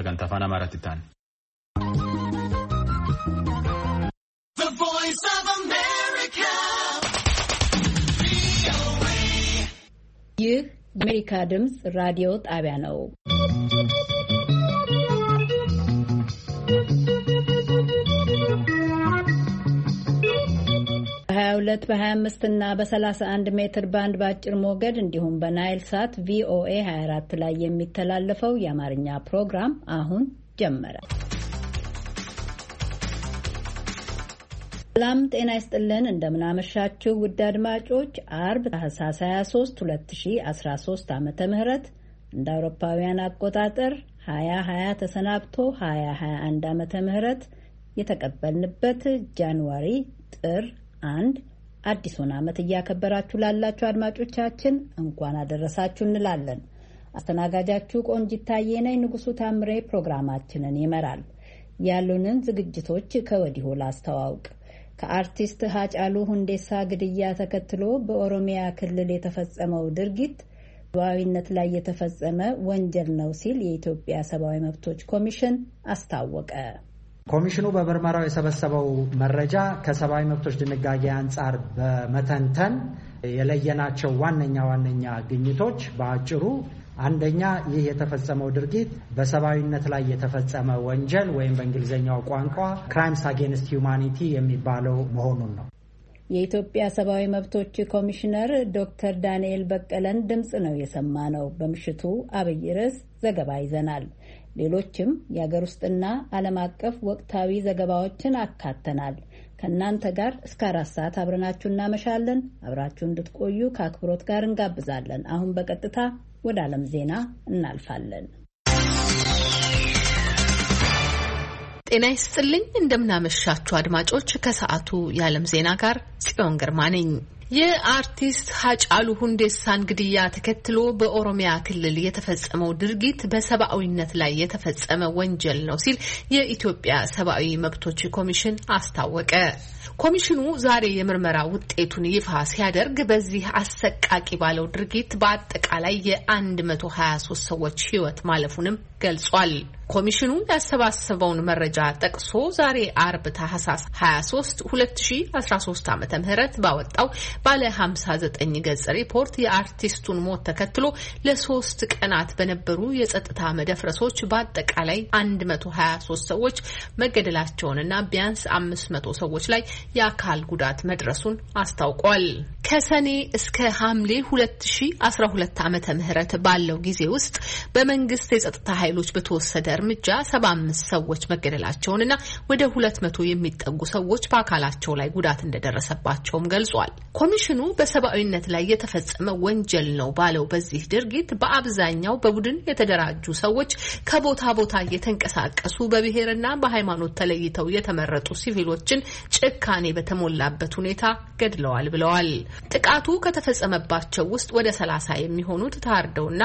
Sagantaa afaan Amaaraatti ta'an. ይህ የአሜሪካ ድምፅ ራዲዮ ጣቢያ ነው። በ በ25 እና በ31 ሜትር ባንድ በአጭር ሞገድ እንዲሁም በናይል ሳት ቪኦኤ 24 ላይ የሚተላለፈው የአማርኛ ፕሮግራም አሁን ጀመረ። ሰላም ጤና ይስጥልን። እንደምናመሻችሁ ውድ አድማጮች አርብ ታህሳስ 23 2013 ዓ ም እንደ አውሮፓውያን አቆጣጠር 2020 ተሰናብቶ 2021 ዓ ም የተቀበልንበት ጃንዋሪ ጥር አንድ አዲሱን ዓመት እያከበራችሁ ላላችሁ አድማጮቻችን እንኳን አደረሳችሁ እንላለን። አስተናጋጃችሁ ቆንጂት ታዬ ነኝ። ንጉሱ ታምሬ ፕሮግራማችንን ይመራል። ያሉንን ዝግጅቶች ከወዲሁ ላስተዋውቅ። ከአርቲስት ሀጫሉ ሁንዴሳ ግድያ ተከትሎ በኦሮሚያ ክልል የተፈጸመው ድርጊት ሰብአዊነት ላይ የተፈጸመ ወንጀል ነው ሲል የኢትዮጵያ ሰብአዊ መብቶች ኮሚሽን አስታወቀ። ኮሚሽኑ በምርመራው የሰበሰበው መረጃ ከሰብአዊ መብቶች ድንጋጌ አንጻር በመተንተን የለየናቸው ዋነኛ ዋነኛ ግኝቶች በአጭሩ አንደኛ ይህ የተፈጸመው ድርጊት በሰብአዊነት ላይ የተፈጸመ ወንጀል ወይም በእንግሊዝኛው ቋንቋ ክራይምስ አጌንስት ሁማኒቲ የሚባለው መሆኑን ነው። የኢትዮጵያ ሰብአዊ መብቶች ኮሚሽነር ዶክተር ዳንኤል በቀለን ድምፅ ነው የሰማ ነው። በምሽቱ አብይ ርዕስ ዘገባ ይዘናል። ሌሎችም የአገር ውስጥና ዓለም አቀፍ ወቅታዊ ዘገባዎችን አካተናል። ከእናንተ ጋር እስከ አራት ሰዓት አብረናችሁ እናመሻለን። አብራችሁ እንድትቆዩ ከአክብሮት ጋር እንጋብዛለን። አሁን በቀጥታ ወደ ዓለም ዜና እናልፋለን። ጤና ይስጥልኝ። እንደምናመሻችሁ አድማጮች፣ ከሰዓቱ የዓለም ዜና ጋር ጽዮን ግርማ ነኝ። የአርቲስት ሀጫሉ ሁንዴሳን ግድያ ተከትሎ በኦሮሚያ ክልል የተፈጸመው ድርጊት በሰብአዊነት ላይ የተፈጸመ ወንጀል ነው ሲል የኢትዮጵያ ሰብአዊ መብቶች ኮሚሽን አስታወቀ። ኮሚሽኑ ዛሬ የምርመራ ውጤቱን ይፋ ሲያደርግ በዚህ አሰቃቂ ባለው ድርጊት በአጠቃላይ የ123 ሰዎች ሕይወት ማለፉንም ገልጿል። ኮሚሽኑ ያሰባሰበውን መረጃ ጠቅሶ ዛሬ አርብ ታህሳስ 23 2013 ዓ ም ባወጣው ባለ 59 ገጽ ሪፖርት የአርቲስቱን ሞት ተከትሎ ለሶስት ቀናት በነበሩ የጸጥታ መደፍረሶች በአጠቃላይ 123 ሰዎች መገደላቸውንና ቢያንስ 500 ሰዎች ላይ የአካል ጉዳት መድረሱን አስታውቋል። ከሰኔ እስከ ሐምሌ 2012 ዓ ም ባለው ጊዜ ውስጥ በመንግስት የጸጥታ ኃይሎች በተወሰደ እርምጃ ሰባ አምስት ሰዎች መገደላቸውንና ወደ 200 የሚጠጉ ሰዎች በአካላቸው ላይ ጉዳት እንደደረሰባቸውም ገልጿል። ኮሚሽኑ በሰብአዊነት ላይ የተፈጸመ ወንጀል ነው ባለው በዚህ ድርጊት በአብዛኛው በቡድን የተደራጁ ሰዎች ከቦታ ቦታ እየተንቀሳቀሱ በብሔርና በሃይማኖት ተለይተው የተመረጡ ሲቪሎችን ጭካኔ በተሞላበት ሁኔታ ገድለዋል ብለዋል። ጥቃቱ ከተፈጸመባቸው ውስጥ ወደ ሰላሳ የሚሆኑት ታርደውና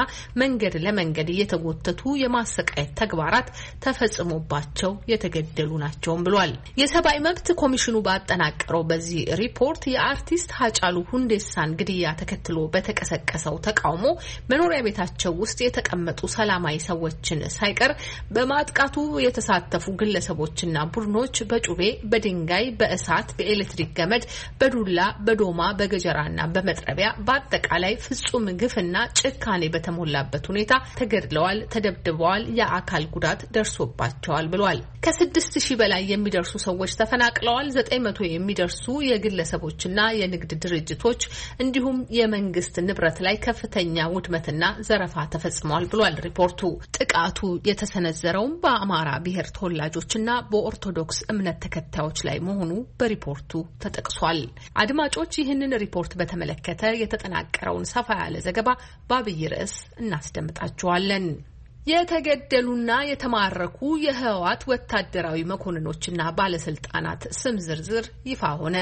መንገድ ለመንገድ እየተጎተቱ የማ የማሰቃየት ተግባራት ተፈጽሞባቸው የተገደሉ ናቸውም ብሏል። የሰብአዊ መብት ኮሚሽኑ ባጠናቀረው በዚህ ሪፖርት የአርቲስት ሀጫሉ ሁንዴሳን ግድያ ተከትሎ በተቀሰቀሰው ተቃውሞ መኖሪያ ቤታቸው ውስጥ የተቀመጡ ሰላማዊ ሰዎችን ሳይቀር በማጥቃቱ የተሳተፉ ግለሰቦችና ቡድኖች በጩቤ፣ በድንጋይ፣ በእሳት፣ በኤሌክትሪክ ገመድ፣ በዱላ፣ በዶማ፣ በገጀራና በመጥረቢያ በአጠቃላይ ፍጹም ግፍና ጭካኔ በተሞላበት ሁኔታ ተገድለዋል፣ ተደብድበዋል ተመዝግበዋል፣ የአካል ጉዳት ደርሶባቸዋል ብሏል። ከስድስት ሺህ በላይ የሚደርሱ ሰዎች ተፈናቅለዋል። ዘጠኝ መቶ የሚደርሱ የግለሰቦችና የንግድ ድርጅቶች እንዲሁም የመንግስት ንብረት ላይ ከፍተኛ ውድመትና ዘረፋ ተፈጽመዋል ብሏል ሪፖርቱ። ጥቃቱ የተሰነዘረውም በአማራ ብሔር ተወላጆችና በኦርቶዶክስ እምነት ተከታዮች ላይ መሆኑ በሪፖርቱ ተጠቅሷል። አድማጮች ይህንን ሪፖርት በተመለከተ የተጠናቀረውን ሰፋ ያለ ዘገባ በአብይ ርዕስ እናስደምጣችኋለን። የተገደሉና የተማረኩ የህወሓት ወታደራዊ መኮንኖችና ባለስልጣናት ስም ዝርዝር ይፋ ሆነ።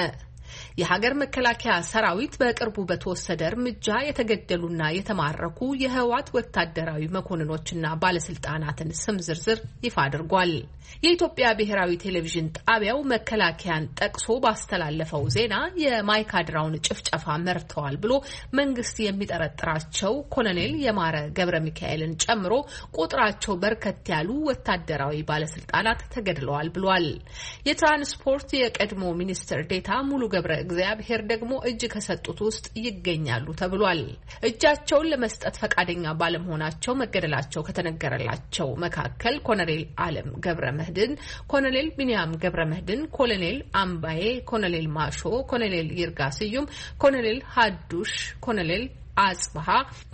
የሀገር መከላከያ ሰራዊት በቅርቡ በተወሰደ እርምጃ የተገደሉና የተማረኩ የህወሓት ወታደራዊ መኮንኖችና ባለስልጣናትን ስም ዝርዝር ይፋ አድርጓል። የኢትዮጵያ ብሔራዊ ቴሌቪዥን ጣቢያው መከላከያን ጠቅሶ ባስተላለፈው ዜና የማይካድራውን ጭፍጨፋ መርተዋል ብሎ መንግስት የሚጠረጥራቸው ኮሎኔል የማረ ገብረ ሚካኤልን ጨምሮ ቁጥራቸው በርከት ያሉ ወታደራዊ ባለስልጣናት ተገድለዋል ብሏል። የትራንስፖርት የቀድሞ ሚኒስትር ዴታ ሙሉ ገብረ እግዚአብሔር ደግሞ እጅ ከሰጡት ውስጥ ይገኛሉ ተብሏል። እጃቸውን ለመስጠት ፈቃደኛ ባለመሆናቸው መገደላቸው ከተነገረላቸው መካከል ኮሎኔል አለም ገብረ መህድን፣ ኮሎኔል ቢንያም ገብረ መህድን፣ ኮሎኔል አምባዬ፣ ኮሎኔል ማሾ፣ ኮሎኔል ይርጋ ስዩም፣ ኮሎኔል ሀዱሽ፣ ኮሎኔል አጽብሃ፣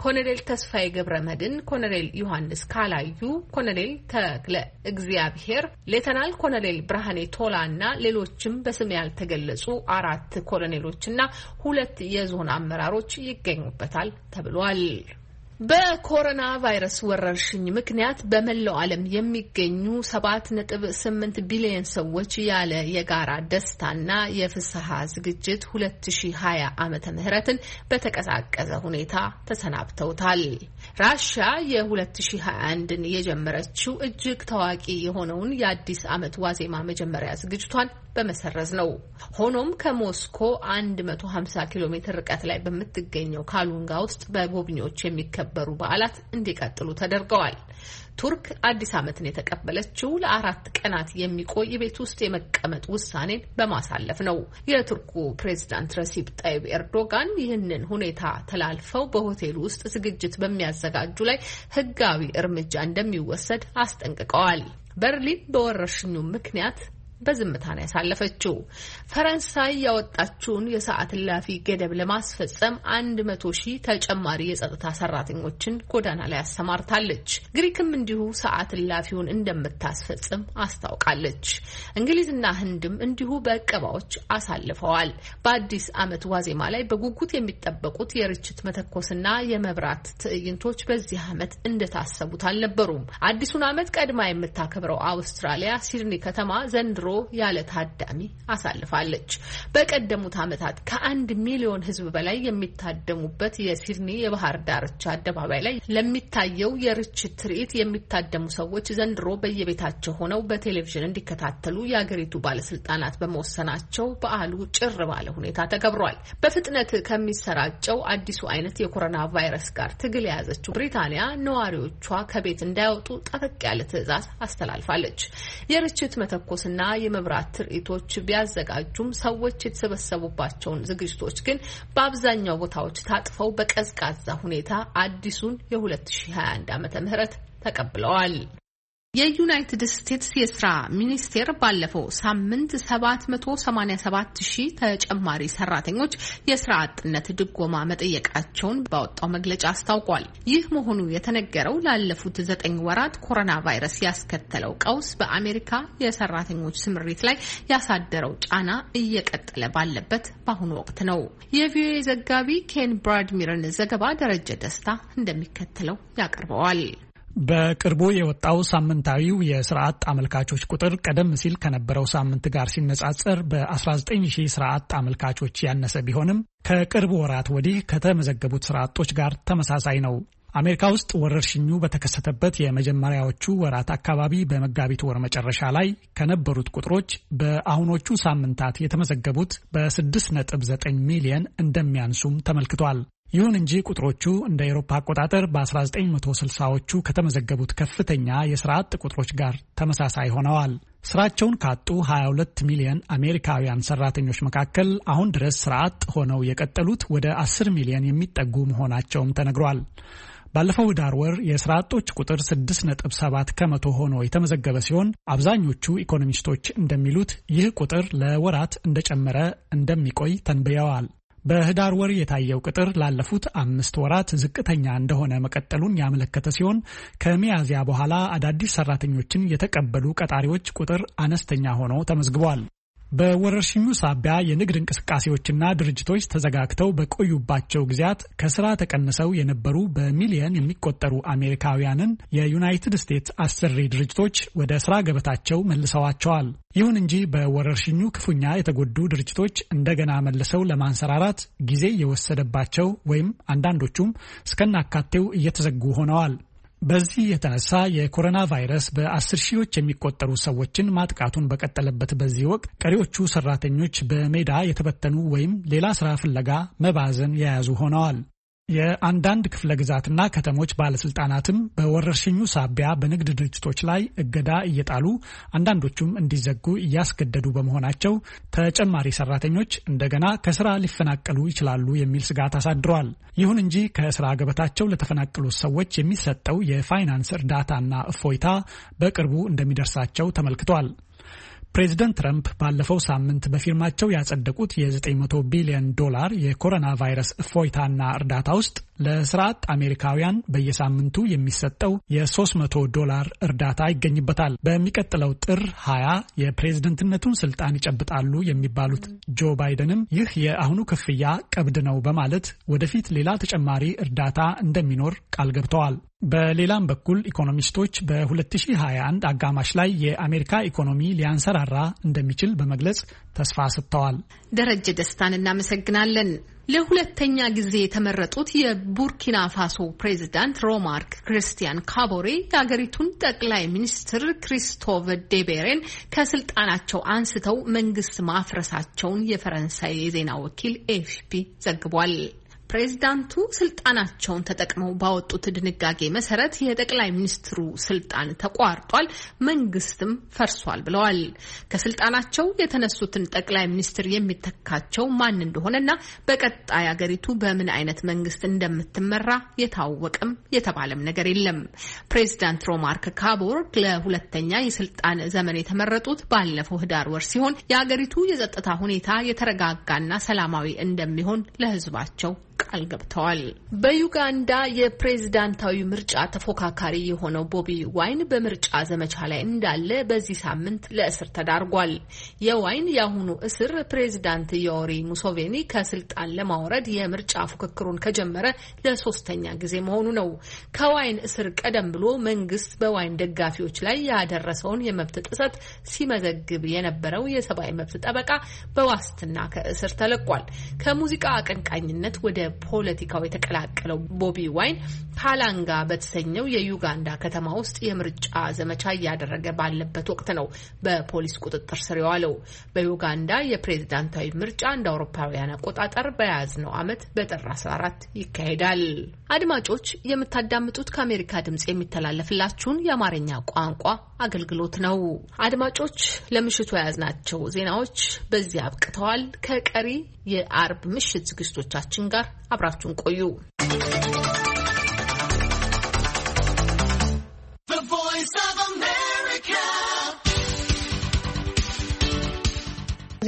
ኮሎኔል ተስፋዬ ገብረ መድን፣ ኮሎኔል ዮሐንስ ካላዩ፣ ኮሎኔል ተክለ እግዚአብሔር፣ ሌተናል ኮሎኔል ብርሃኔ ቶላ እና ሌሎችም በስም ያልተገለጹ አራት ኮሎኔሎችና ሁለት የዞን አመራሮች ይገኙበታል ተብሏል። በኮሮና ቫይረስ ወረርሽኝ ምክንያት በመላው ዓለም የሚገኙ 7.8 ቢሊዮን ሰዎች ያለ የጋራ ደስታና የፍስሐ ዝግጅት 2020 ዓመተ ምህረትን በተቀዛቀዘ ሁኔታ ተሰናብተውታል። ራሽያ የ 2021 የጀመረችው እጅግ ታዋቂ የሆነውን የአዲስ ዓመት ዋዜማ መጀመሪያ ዝግጅቷን በመሰረዝ ነው። ሆኖም ከሞስኮ 150 ኪሎ ሜትር ርቀት ላይ በምትገኘው ካሉንጋ ውስጥ በጎብኚዎች የሚከበሩ በዓላት እንዲቀጥሉ ተደርገዋል። ቱርክ አዲስ ዓመትን የተቀበለችው ለአራት ቀናት የሚቆይ ቤት ውስጥ የመቀመጥ ውሳኔን በማሳለፍ ነው። የቱርኩ ፕሬዚዳንት ረሲፕ ጣይብ ኤርዶጋን ይህንን ሁኔታ ተላልፈው በሆቴሉ ውስጥ ዝግጅት በሚያዘጋጁ ላይ ሕጋዊ እርምጃ እንደሚወሰድ አስጠንቅቀዋል። በርሊን በወረርሽኙ ምክንያት በዝምታ ነው ያሳለፈችው። ፈረንሳይ ያወጣችውን የሰዓት እላፊ ገደብ ለማስፈጸም አንድ መቶ ሺህ ተጨማሪ የጸጥታ ሰራተኞችን ጎዳና ላይ አሰማርታለች። ግሪክም እንዲሁ ሰዓት እላፊውን እንደምታስፈጽም አስታውቃለች። እንግሊዝና ህንድም እንዲሁ በእቀባዎች አሳልፈዋል። በአዲስ ዓመት ዋዜማ ላይ በጉጉት የሚጠበቁት የርችት መተኮስና የመብራት ትዕይንቶች በዚህ ዓመት እንደታሰቡት አልነበሩም። አዲሱን ዓመት ቀድማ የምታከብረው አውስትራሊያ ሲድኒ ከተማ ዘንድሮ ኑሮ ያለ ታዳሚ አሳልፋለች። በቀደሙት ዓመታት ከአንድ ሚሊዮን ሕዝብ በላይ የሚታደሙበት የሲድኒ የባህር ዳርቻ አደባባይ ላይ ለሚታየው የርችት ትርኢት የሚታደሙ ሰዎች ዘንድሮ በየቤታቸው ሆነው በቴሌቪዥን እንዲከታተሉ የአገሪቱ ባለስልጣናት በመወሰናቸው በዓሉ ጭር ባለ ሁኔታ ተከብሯል። በፍጥነት ከሚሰራጨው አዲሱ አይነት የኮሮና ቫይረስ ጋር ትግል የያዘችው ብሪታንያ ነዋሪዎቿ ከቤት እንዳይወጡ ጠበቅ ያለ ትዕዛዝ አስተላልፋለች። የርችት መተኮስና የመብራት ትርኢቶች ቢያዘጋጁም ሰዎች የተሰበሰቡባቸውን ዝግጅቶች ግን በአብዛኛው ቦታዎች ታጥፈው በቀዝቃዛ ሁኔታ አዲሱን የ2021 ዓ ም ተቀብለዋል። የዩናይትድ ስቴትስ የስራ ሚኒስቴር ባለፈው ሳምንት 787 ሺህ ተጨማሪ ሰራተኞች የስራ አጥነት ድጎማ መጠየቃቸውን ባወጣው መግለጫ አስታውቋል። ይህ መሆኑ የተነገረው ላለፉት ዘጠኝ ወራት ኮሮና ቫይረስ ያስከተለው ቀውስ በአሜሪካ የሰራተኞች ስምሪት ላይ ያሳደረው ጫና እየቀጠለ ባለበት በአሁኑ ወቅት ነው። የቪኦኤ ዘጋቢ ኬን ብራድሚርን ዘገባ ደረጀ ደስታ እንደሚከተለው ያቀርበዋል። በቅርቡ የወጣው ሳምንታዊው የስርዓት አመልካቾች ቁጥር ቀደም ሲል ከነበረው ሳምንት ጋር ሲነጻጸር በ19 ሺህ ስርዓት አመልካቾች ያነሰ ቢሆንም ከቅርብ ወራት ወዲህ ከተመዘገቡት ስርዓቶች ጋር ተመሳሳይ ነው። አሜሪካ ውስጥ ወረርሽኙ በተከሰተበት የመጀመሪያዎቹ ወራት አካባቢ በመጋቢት ወር መጨረሻ ላይ ከነበሩት ቁጥሮች በአሁኖቹ ሳምንታት የተመዘገቡት በ6.9 ሚሊየን እንደሚያንሱም ተመልክቷል። ይሁን እንጂ ቁጥሮቹ እንደ ኤሮፓ አቆጣጠር በ1960ዎቹ ከተመዘገቡት ከፍተኛ የስራ አጥ ቁጥሮች ጋር ተመሳሳይ ሆነዋል። ስራቸውን ካጡ 22 ሚሊዮን አሜሪካውያን ሰራተኞች መካከል አሁን ድረስ ስራ አጥ ሆነው የቀጠሉት ወደ 10 ሚሊዮን የሚጠጉ መሆናቸውም ተነግሯል። ባለፈው ህዳር ወር የስራ አጦች ቁጥር 6.7 ከመቶ ሆኖ የተመዘገበ ሲሆን አብዛኞቹ ኢኮኖሚስቶች እንደሚሉት ይህ ቁጥር ለወራት እንደጨመረ እንደሚቆይ ተንብየዋል። በህዳር ወር የታየው ቅጥር ላለፉት አምስት ወራት ዝቅተኛ እንደሆነ መቀጠሉን ያመለከተ ሲሆን ከሚያዝያ በኋላ አዳዲስ ሰራተኞችን የተቀበሉ ቀጣሪዎች ቁጥር አነስተኛ ሆኖ ተመዝግቧል። በወረርሽኙ ሳቢያ የንግድ እንቅስቃሴዎችና ድርጅቶች ተዘጋግተው በቆዩባቸው ጊዜያት ከስራ ተቀንሰው የነበሩ በሚሊየን የሚቆጠሩ አሜሪካውያንን የዩናይትድ ስቴትስ አሰሪ ድርጅቶች ወደ ስራ ገበታቸው መልሰዋቸዋል። ይሁን እንጂ በወረርሽኙ ክፉኛ የተጎዱ ድርጅቶች እንደገና መልሰው ለማንሰራራት ጊዜ የወሰደባቸው ወይም አንዳንዶቹም እስከናካቴው እየተዘጉ ሆነዋል። በዚህ የተነሳ የኮሮና ቫይረስ በአስር ሺዎች የሚቆጠሩ ሰዎችን ማጥቃቱን በቀጠለበት በዚህ ወቅት ቀሪዎቹ ሰራተኞች በሜዳ የተበተኑ ወይም ሌላ ስራ ፍለጋ መባዘን የያዙ ሆነዋል። የአንዳንድ ክፍለ ግዛትና ከተሞች ባለስልጣናትም በወረርሽኙ ሳቢያ በንግድ ድርጅቶች ላይ እገዳ እየጣሉ አንዳንዶቹም እንዲዘጉ እያስገደዱ በመሆናቸው ተጨማሪ ሰራተኞች እንደገና ከስራ ሊፈናቀሉ ይችላሉ የሚል ስጋት አሳድረዋል። ይሁን እንጂ ከስራ ገበታቸው ለተፈናቀሉት ሰዎች የሚሰጠው የፋይናንስ እርዳታና እፎይታ በቅርቡ እንደሚደርሳቸው ተመልክቷል። ፕሬዚደንት ትራምፕ ባለፈው ሳምንት በፊርማቸው ያጸደቁት የ900 ቢሊዮን ዶላር የኮሮና ቫይረስ እፎይታና እርዳታ ውስጥ ለስርዓት አሜሪካውያን በየሳምንቱ የሚሰጠው የ300 ዶላር እርዳታ ይገኝበታል። በሚቀጥለው ጥር 20 የፕሬዝደንትነቱን ስልጣን ይጨብጣሉ የሚባሉት ጆ ባይደንም ይህ የአሁኑ ክፍያ ቀብድ ነው በማለት ወደፊት ሌላ ተጨማሪ እርዳታ እንደሚኖር ቃል ገብተዋል። በሌላም በኩል ኢኮኖሚስቶች በ2021 አጋማሽ ላይ የአሜሪካ ኢኮኖሚ ሊያንሰራራ እንደሚችል በመግለጽ ተስፋ ሰጥተዋል። ደረጀ ደስታን እናመሰግናለን። ለሁለተኛ ጊዜ የተመረጡት የቡርኪና ፋሶ ፕሬዚዳንት ሮማርክ ክርስቲያን ካቦሬ የአገሪቱን ጠቅላይ ሚኒስትር ክሪስቶፍ ዴቤሬን ከስልጣናቸው አንስተው መንግስት ማፍረሳቸውን የፈረንሳይ የዜና ወኪል ኤፍፒ ዘግቧል። ፕሬዚዳንቱ ስልጣናቸውን ተጠቅመው ባወጡት ድንጋጌ መሰረት የጠቅላይ ሚኒስትሩ ስልጣን ተቋርጧል፣ መንግስትም ፈርሷል ብለዋል። ከስልጣናቸው የተነሱትን ጠቅላይ ሚኒስትር የሚተካቸው ማን እንደሆነና በቀጣይ አገሪቱ በምን አይነት መንግስት እንደምትመራ የታወቀም የተባለም ነገር የለም። ፕሬዚዳንት ሮማርክ ካቦርግ ለሁለተኛ የስልጣን ዘመን የተመረጡት ባለፈው ህዳር ወር ሲሆን የአገሪቱ የጸጥታ ሁኔታ የተረጋጋና ሰላማዊ እንደሚሆን ለህዝባቸው ቃል ገብተዋል። በዩጋንዳ የፕሬዝዳንታዊ ምርጫ ተፎካካሪ የሆነው ቦቢ ዋይን በምርጫ ዘመቻ ላይ እንዳለ በዚህ ሳምንት ለእስር ተዳርጓል። የዋይን የአሁኑ እስር ፕሬዝዳንት ዮወሪ ሙሶቬኒ ከስልጣን ለማውረድ የምርጫ ፉክክሩን ከጀመረ ለሶስተኛ ጊዜ መሆኑ ነው። ከዋይን እስር ቀደም ብሎ መንግስት በዋይን ደጋፊዎች ላይ ያደረሰውን የመብት ጥሰት ሲመዘግብ የነበረው የሰብአዊ መብት ጠበቃ በዋስትና ከእስር ተለቋል። ከሙዚቃ አቀንቃኝነት ወደ ፖለቲካው የተቀላቀለው ቦቢ ዋይን ካላንጋ በተሰኘው የዩጋንዳ ከተማ ውስጥ የምርጫ ዘመቻ እያደረገ ባለበት ወቅት ነው በፖሊስ ቁጥጥር ስር የዋለው። በዩጋንዳ የፕሬዝዳንታዊ ምርጫ እንደ አውሮፓውያን አቆጣጠር በያዝነው ዓመት በጥር 14 ይካሄዳል። አድማጮች የምታዳምጡት ከአሜሪካ ድምጽ የሚተላለፍላችሁን የአማርኛ ቋንቋ አገልግሎት ነው። አድማጮች ለምሽቱ የያዝናቸው ዜናዎች በዚህ አብቅተዋል። ከቀሪ የአርብ ምሽት ዝግጅቶቻችን ጋር አብራችሁን ቆዩ።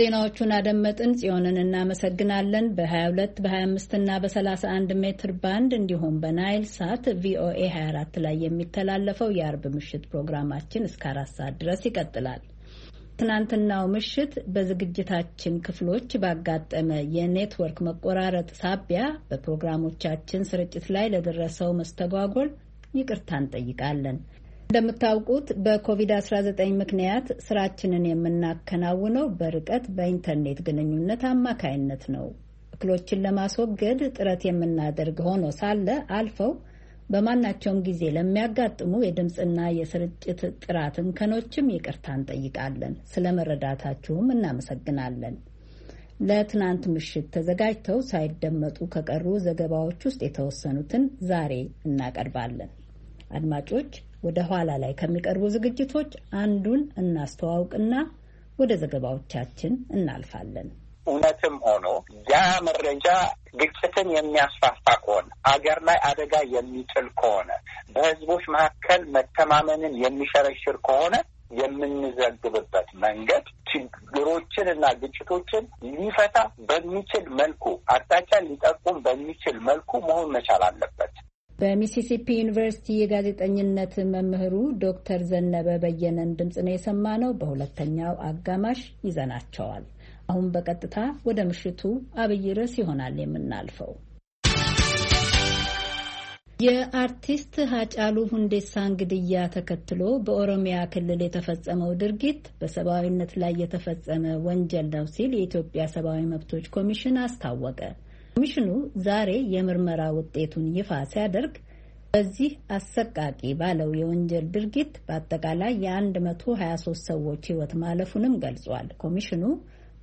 ዜናዎቹን አደመጥን። ጽዮንን እናመሰግናለን። በ22 በ25 እና በ31 ሜትር ባንድ እንዲሁም በናይል ሳት ቪኦኤ 24 ላይ የሚተላለፈው የአርብ ምሽት ፕሮግራማችን እስከ አራት ሰዓት ድረስ ይቀጥላል። በትናንትናው ምሽት በዝግጅታችን ክፍሎች ባጋጠመ የኔትወርክ መቆራረጥ ሳቢያ በፕሮግራሞቻችን ስርጭት ላይ ለደረሰው መስተጓጎል ይቅርታ እንጠይቃለን። እንደምታውቁት በኮቪድ-19 ምክንያት ስራችንን የምናከናውነው በርቀት በኢንተርኔት ግንኙነት አማካይነት ነው። እክሎችን ለማስወገድ ጥረት የምናደርግ ሆኖ ሳለ አልፈው በማናቸውም ጊዜ ለሚያጋጥሙ የድምፅና የስርጭት ጥራት እንከኖችም ይቅርታ እንጠይቃለን። ስለ መረዳታችሁም እናመሰግናለን። ለትናንት ምሽት ተዘጋጅተው ሳይደመጡ ከቀሩ ዘገባዎች ውስጥ የተወሰኑትን ዛሬ እናቀርባለን። አድማጮች፣ ወደ ኋላ ላይ ከሚቀርቡ ዝግጅቶች አንዱን እናስተዋውቅና ወደ ዘገባዎቻችን እናልፋለን። እውነትም ሆኖ ያ መረጃ ግጭትን የሚያስፋፋ ከሆነ አገር ላይ አደጋ የሚጥል ከሆነ በህዝቦች መካከል መተማመንን የሚሸረሽር ከሆነ የምንዘግብበት መንገድ ችግሮችን እና ግጭቶችን ሊፈታ በሚችል መልኩ አቅጣጫ ሊጠቁም በሚችል መልኩ መሆን መቻል አለበት። በሚሲሲፒ ዩኒቨርሲቲ የጋዜጠኝነት መምህሩ ዶክተር ዘነበ በየነን ድምፅ ነው የሰማነው። በሁለተኛው አጋማሽ ይዘናቸዋል። አሁን በቀጥታ ወደ ምሽቱ አብይ ርዕስ ይሆናል የምናልፈው። የአርቲስት ሀጫሉ ሁንዴሳን ግድያ ተከትሎ በኦሮሚያ ክልል የተፈጸመው ድርጊት በሰብአዊነት ላይ የተፈጸመ ወንጀል ነው ሲል የኢትዮጵያ ሰብአዊ መብቶች ኮሚሽን አስታወቀ። ኮሚሽኑ ዛሬ የምርመራ ውጤቱን ይፋ ሲያደርግ በዚህ አሰቃቂ ባለው የወንጀል ድርጊት በአጠቃላይ የ123 ሰዎች ሕይወት ማለፉንም ገልጿል። ኮሚሽኑ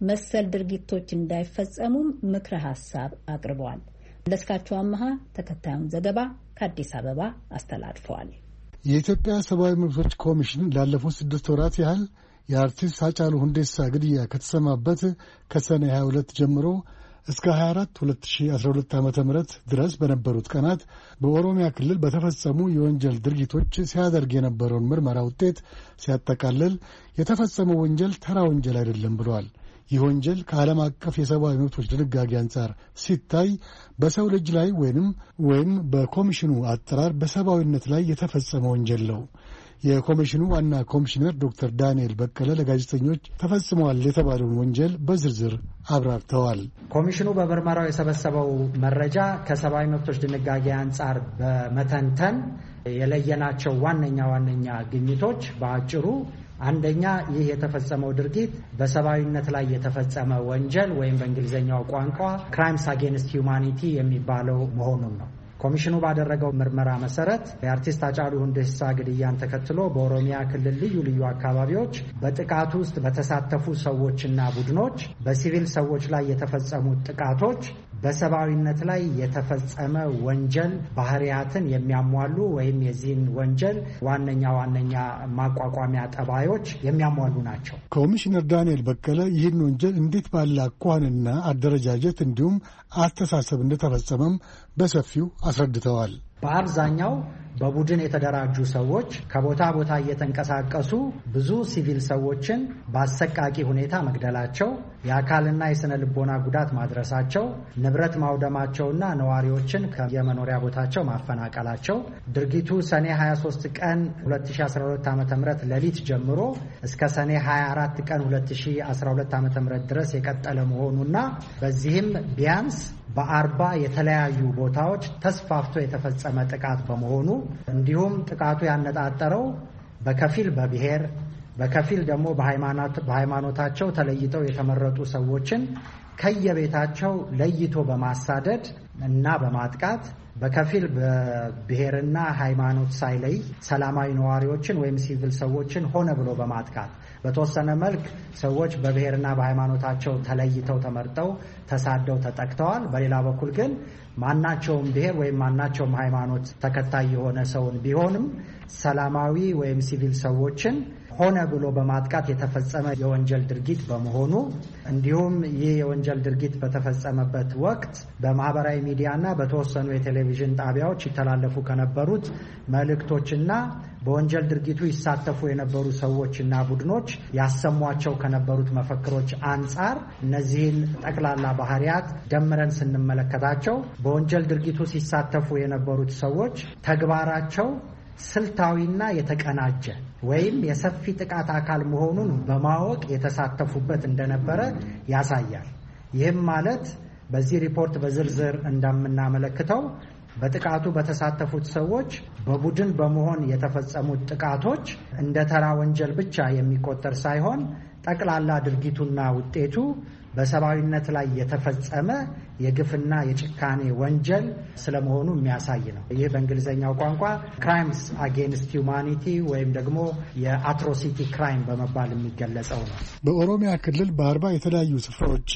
መሰል ድርጊቶች እንዳይፈጸሙም ምክረ ሀሳብ አቅርበዋል። መለስካቸው አመሃ ተከታዩን ዘገባ ከአዲስ አበባ አስተላልፈዋል። የኢትዮጵያ ሰብአዊ መብቶች ኮሚሽን ላለፉት ስድስት ወራት ያህል የአርቲስት አጫሉ ሁንዴሳ ግድያ ከተሰማበት ከሰኔ 22 ጀምሮ እስከ 24 2012 ዓ ም ድረስ በነበሩት ቀናት በኦሮሚያ ክልል በተፈጸሙ የወንጀል ድርጊቶች ሲያደርግ የነበረውን ምርመራ ውጤት ሲያጠቃልል የተፈጸመው ወንጀል ተራ ወንጀል አይደለም ብለዋል። ይህ ወንጀል ከዓለም አቀፍ የሰብአዊ መብቶች ድንጋጌ አንጻር ሲታይ በሰው ልጅ ላይ ወይም ወይም በኮሚሽኑ አጠራር በሰብአዊነት ላይ የተፈጸመ ወንጀል ነው። የኮሚሽኑ ዋና ኮሚሽነር ዶክተር ዳንኤል በቀለ ለጋዜጠኞች ተፈጽመዋል የተባለውን ወንጀል በዝርዝር አብራርተዋል። ኮሚሽኑ በምርመራው የሰበሰበው መረጃ ከሰብአዊ መብቶች ድንጋጌ አንጻር በመተንተን የለየናቸው ዋነኛ ዋነኛ ግኝቶች በአጭሩ አንደኛ ይህ የተፈጸመው ድርጊት በሰብአዊነት ላይ የተፈጸመ ወንጀል ወይም በእንግሊዝኛው ቋንቋ ክራይምስ አጌንስት ሁማኒቲ የሚባለው መሆኑን ነው። ኮሚሽኑ ባደረገው ምርመራ መሰረት የአርቲስት ሃጫሉ ሁንዴሳ ግድያን ተከትሎ በኦሮሚያ ክልል ልዩ ልዩ አካባቢዎች በጥቃቱ ውስጥ በተሳተፉ ሰዎችና ቡድኖች በሲቪል ሰዎች ላይ የተፈጸሙት ጥቃቶች በሰብአዊነት ላይ የተፈጸመ ወንጀል ባህሪያትን የሚያሟሉ ወይም የዚህን ወንጀል ዋነኛ ዋነኛ ማቋቋሚያ ጠባዮች የሚያሟሉ ናቸው። ኮሚሽነር ዳንኤል በቀለ ይህን ወንጀል እንዴት ባለ አኳኋንና አደረጃጀት እንዲሁም አስተሳሰብ እንደተፈጸመም በሰፊው አስረድተዋል። በአብዛኛው በቡድን የተደራጁ ሰዎች ከቦታ ቦታ እየተንቀሳቀሱ ብዙ ሲቪል ሰዎችን በአሰቃቂ ሁኔታ መግደላቸው፣ የአካልና የሥነ ልቦና ጉዳት ማድረሳቸው፣ ንብረት ማውደማቸውና ነዋሪዎችን ከየመኖሪያ ቦታቸው ማፈናቀላቸው ድርጊቱ ሰኔ 23 ቀን 2012 ዓ ም ሌሊት ጀምሮ እስከ ሰኔ 24 ቀን 2012 ዓ ም ድረስ የቀጠለ መሆኑና በዚህም ቢያንስ በአርባ የተለያዩ ቦታዎች ተስፋፍቶ የተፈጸመ ጥቃት በመሆኑ እንዲሁም ጥቃቱ ያነጣጠረው በከፊል በብሔር በከፊል ደግሞ በሃይማኖታቸው ተለይተው የተመረጡ ሰዎችን ከየቤታቸው ለይቶ በማሳደድ እና በማጥቃት በከፊል በብሔርና ሃይማኖት ሳይለይ ሰላማዊ ነዋሪዎችን ወይም ሲቪል ሰዎችን ሆነ ብሎ በማጥቃት በተወሰነ መልክ ሰዎች በብሔርና በሃይማኖታቸው ተለይተው ተመርጠው ተሳደው ተጠቅተዋል። በሌላ በኩል ግን ማናቸውም ብሔር ወይም ማናቸውም ሃይማኖት ተከታይ የሆነ ሰውን ቢሆንም ሰላማዊ ወይም ሲቪል ሰዎችን ሆነ ብሎ በማጥቃት የተፈጸመ የወንጀል ድርጊት በመሆኑ እንዲሁም ይህ የወንጀል ድርጊት በተፈጸመበት ወቅት በማህበራዊ ሚዲያና በተወሰኑ የቴሌቪዥን ጣቢያዎች ይተላለፉ ከነበሩት መልእክቶችና በወንጀል ድርጊቱ ይሳተፉ የነበሩ ሰዎችና ቡድኖች ያሰሟቸው ከነበሩት መፈክሮች አንጻር እነዚህን ጠቅላላ ባህሪያት ደምረን ስንመለከታቸው በወንጀል ድርጊቱ ሲሳተፉ የነበሩት ሰዎች ተግባራቸው ስልታዊና የተቀናጀ ወይም የሰፊ ጥቃት አካል መሆኑን በማወቅ የተሳተፉበት እንደነበረ ያሳያል። ይህም ማለት በዚህ ሪፖርት በዝርዝር እንደምናመለክተው በጥቃቱ በተሳተፉት ሰዎች በቡድን በመሆን የተፈጸሙት ጥቃቶች እንደ ተራ ወንጀል ብቻ የሚቆጠር ሳይሆን ጠቅላላ ድርጊቱና ውጤቱ በሰብአዊነት ላይ የተፈጸመ የግፍና የጭካኔ ወንጀል ስለመሆኑ የሚያሳይ ነው። ይህ በእንግሊዝኛው ቋንቋ ክራይምስ አጌንስት ሁማኒቲ ወይም ደግሞ የአትሮሲቲ ክራይም በመባል የሚገለጸው ነው። በኦሮሚያ ክልል በአርባ የተለያዩ ስፍራዎች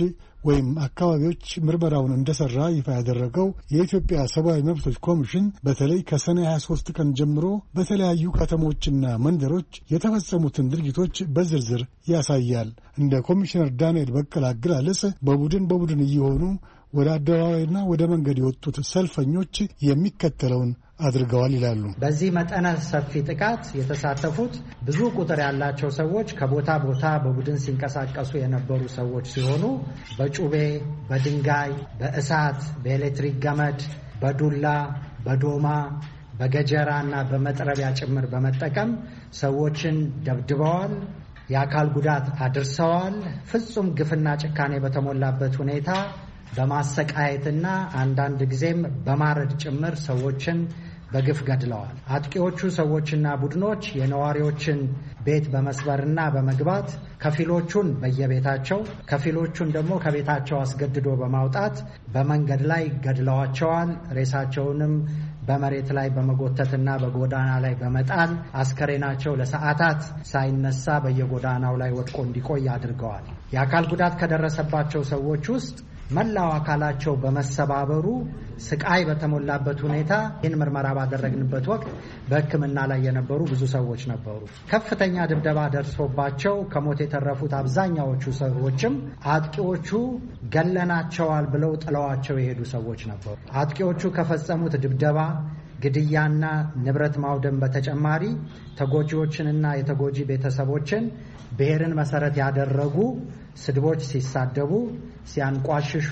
ወይም አካባቢዎች ምርመራውን እንደሰራ ይፋ ያደረገው የኢትዮጵያ ሰብአዊ መብቶች ኮሚሽን በተለይ ከሰኔ 23 ቀን ጀምሮ በተለያዩ ከተሞችና መንደሮች የተፈጸሙትን ድርጊቶች በዝርዝር ያሳያል። እንደ ኮሚሽነር ዳንኤል በቀለ አገላለጽ በቡድን በቡድን እየሆኑ ወደ አደባባይና ወደ መንገድ የወጡት ሰልፈኞች የሚከተለውን አድርገዋል ይላሉ። በዚህ መጠነ ሰፊ ጥቃት የተሳተፉት ብዙ ቁጥር ያላቸው ሰዎች ከቦታ ቦታ በቡድን ሲንቀሳቀሱ የነበሩ ሰዎች ሲሆኑ በጩቤ፣ በድንጋይ፣ በእሳት፣ በኤሌክትሪክ ገመድ፣ በዱላ፣ በዶማ በገጀራ እና በመጥረቢያ ጭምር በመጠቀም ሰዎችን ደብድበዋል፣ የአካል ጉዳት አድርሰዋል። ፍጹም ግፍና ጭካኔ በተሞላበት ሁኔታ በማሰቃየትና አንዳንድ ጊዜም በማረድ ጭምር ሰዎችን በግፍ ገድለዋል። አጥቂዎቹ ሰዎችና ቡድኖች የነዋሪዎችን ቤት በመስበርና በመግባት ከፊሎቹን በየቤታቸው ከፊሎቹን ደግሞ ከቤታቸው አስገድዶ በማውጣት በመንገድ ላይ ገድለዋቸዋል። ሬሳቸውንም በመሬት ላይ በመጎተትና በጎዳና ላይ በመጣል አስከሬናቸው ለሰዓታት ሳይነሳ በየጎዳናው ላይ ወድቆ እንዲቆይ አድርገዋል። የአካል ጉዳት ከደረሰባቸው ሰዎች ውስጥ መላው አካላቸው በመሰባበሩ ስቃይ በተሞላበት ሁኔታ ይህን ምርመራ ባደረግንበት ወቅት በሕክምና ላይ የነበሩ ብዙ ሰዎች ነበሩ። ከፍተኛ ድብደባ ደርሶባቸው ከሞት የተረፉት አብዛኛዎቹ ሰዎችም አጥቂዎቹ ገለናቸዋል ብለው ጥለዋቸው የሄዱ ሰዎች ነበሩ። አጥቂዎቹ ከፈጸሙት ድብደባ ግድያና ንብረት ማውደም በተጨማሪ ተጎጂዎችንና የተጎጂ ቤተሰቦችን ብሔርን መሰረት ያደረጉ ስድቦች ሲሳደቡ ሲያንቋሽሹ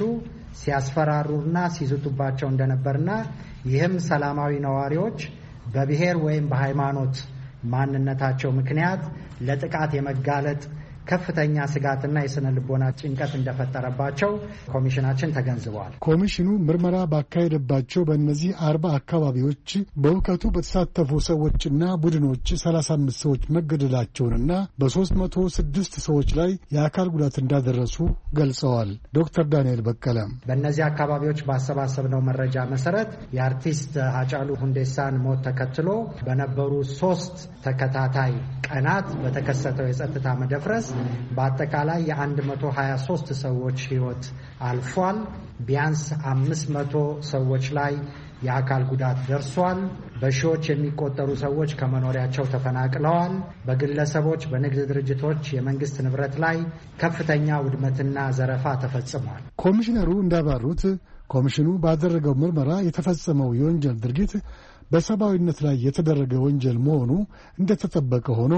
ሲያስፈራሩና ሲዝቱባቸው እንደነበርና ይህም ሰላማዊ ነዋሪዎች በብሔር ወይም በሃይማኖት ማንነታቸው ምክንያት ለጥቃት የመጋለጥ ከፍተኛ ስጋትና የስነ ልቦና ጭንቀት እንደፈጠረባቸው ኮሚሽናችን ተገንዝበዋል። ኮሚሽኑ ምርመራ ባካሄደባቸው በእነዚህ አርባ አካባቢዎች በእውቀቱ በተሳተፉ ሰዎችና ቡድኖች 35 ሰዎች መገደላቸውንና በ306 ሰዎች ላይ የአካል ጉዳት እንዳደረሱ ገልጸዋል። ዶክተር ዳንኤል በቀለ በእነዚህ አካባቢዎች ባሰባሰብነው መረጃ መሰረት የአርቲስት አጫሉ ሁንዴሳን ሞት ተከትሎ በነበሩ ሶስት ተከታታይ ቀናት በተከሰተው የጸጥታ መደፍረስ በአጠቃላይ የ123 ሰዎች ሕይወት አልፏል። ቢያንስ 500 ሰዎች ላይ የአካል ጉዳት ደርሷል። በሺዎች የሚቆጠሩ ሰዎች ከመኖሪያቸው ተፈናቅለዋል። በግለሰቦች፣ በንግድ ድርጅቶች የመንግስት ንብረት ላይ ከፍተኛ ውድመትና ዘረፋ ተፈጽሟል። ኮሚሽነሩ እንዳብራሩት ኮሚሽኑ ባደረገው ምርመራ የተፈጸመው የወንጀል ድርጊት በሰብአዊነት ላይ የተደረገ ወንጀል መሆኑ እንደተጠበቀ ሆኖ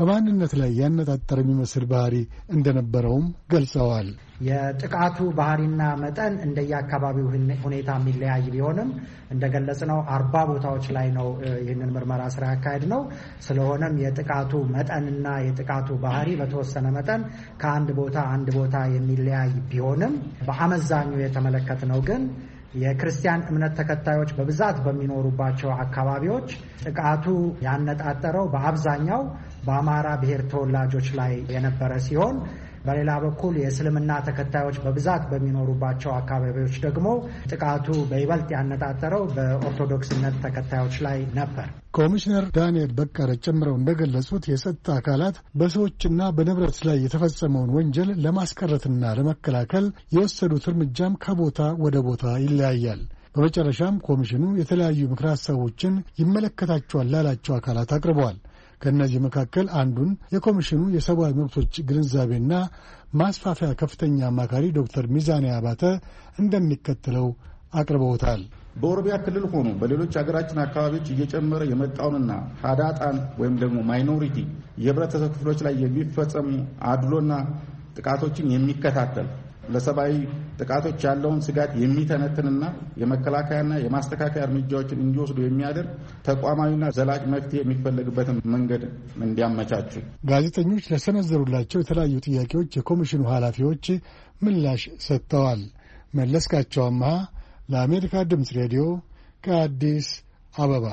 በማንነት ላይ ያነጣጠረ የሚመስል ባህሪ እንደነበረውም ገልጸዋል። የጥቃቱ ባህሪና መጠን እንደየአካባቢው ሁኔታ የሚለያይ ቢሆንም እንደገለጽነው አርባ ቦታዎች ላይ ነው ይህንን ምርመራ ስራ ያካሄድ ነው። ስለሆነም የጥቃቱ መጠንና የጥቃቱ ባህሪ በተወሰነ መጠን ከአንድ ቦታ አንድ ቦታ የሚለያይ ቢሆንም በአመዛኙ የተመለከትነው ግን የክርስቲያን እምነት ተከታዮች በብዛት በሚኖሩባቸው አካባቢዎች ጥቃቱ ያነጣጠረው በአብዛኛው በአማራ ብሔር ተወላጆች ላይ የነበረ ሲሆን በሌላ በኩል የእስልምና ተከታዮች በብዛት በሚኖሩባቸው አካባቢዎች ደግሞ ጥቃቱ በይበልጥ ያነጣጠረው በኦርቶዶክስነት ተከታዮች ላይ ነበር። ኮሚሽነር ዳንኤል በቀለ ጨምረው እንደገለጹት የጸጥታ አካላት በሰዎችና በንብረት ላይ የተፈጸመውን ወንጀል ለማስቀረትና ለመከላከል የወሰዱት እርምጃም ከቦታ ወደ ቦታ ይለያያል። በመጨረሻም ኮሚሽኑ የተለያዩ ምክረ ሀሳቦችን ይመለከታቸዋል ላላቸው አካላት አቅርበዋል። ከእነዚህ መካከል አንዱን የኮሚሽኑ የሰብአዊ መብቶች ግንዛቤና ማስፋፊያ ከፍተኛ አማካሪ ዶክተር ሚዛኔ አባተ እንደሚከተለው አቅርበውታል። በኦሮሚያ ክልል ሆኖ በሌሎች ሀገራችን አካባቢዎች እየጨመረ የመጣውንና ሀዳጣን ወይም ደግሞ ማይኖሪቲ የህብረተሰብ ክፍሎች ላይ የሚፈጸሙ አድሎና ጥቃቶችን የሚከታተል ለሰብአዊ ጥቃቶች ያለውን ስጋት የሚተነትንና የመከላከያና የማስተካከያ እርምጃዎችን እንዲወስዱ የሚያደርግ ተቋማዊና ዘላቂ መፍትሄ የሚፈለግበትን መንገድ እንዲያመቻቹ ጋዜጠኞች ለሰነዘሩላቸው የተለያዩ ጥያቄዎች የኮሚሽኑ ኃላፊዎች ምላሽ ሰጥተዋል። መለስካቸው አምሃ ለአሜሪካ ድምፅ ሬዲዮ ከአዲስ አበባ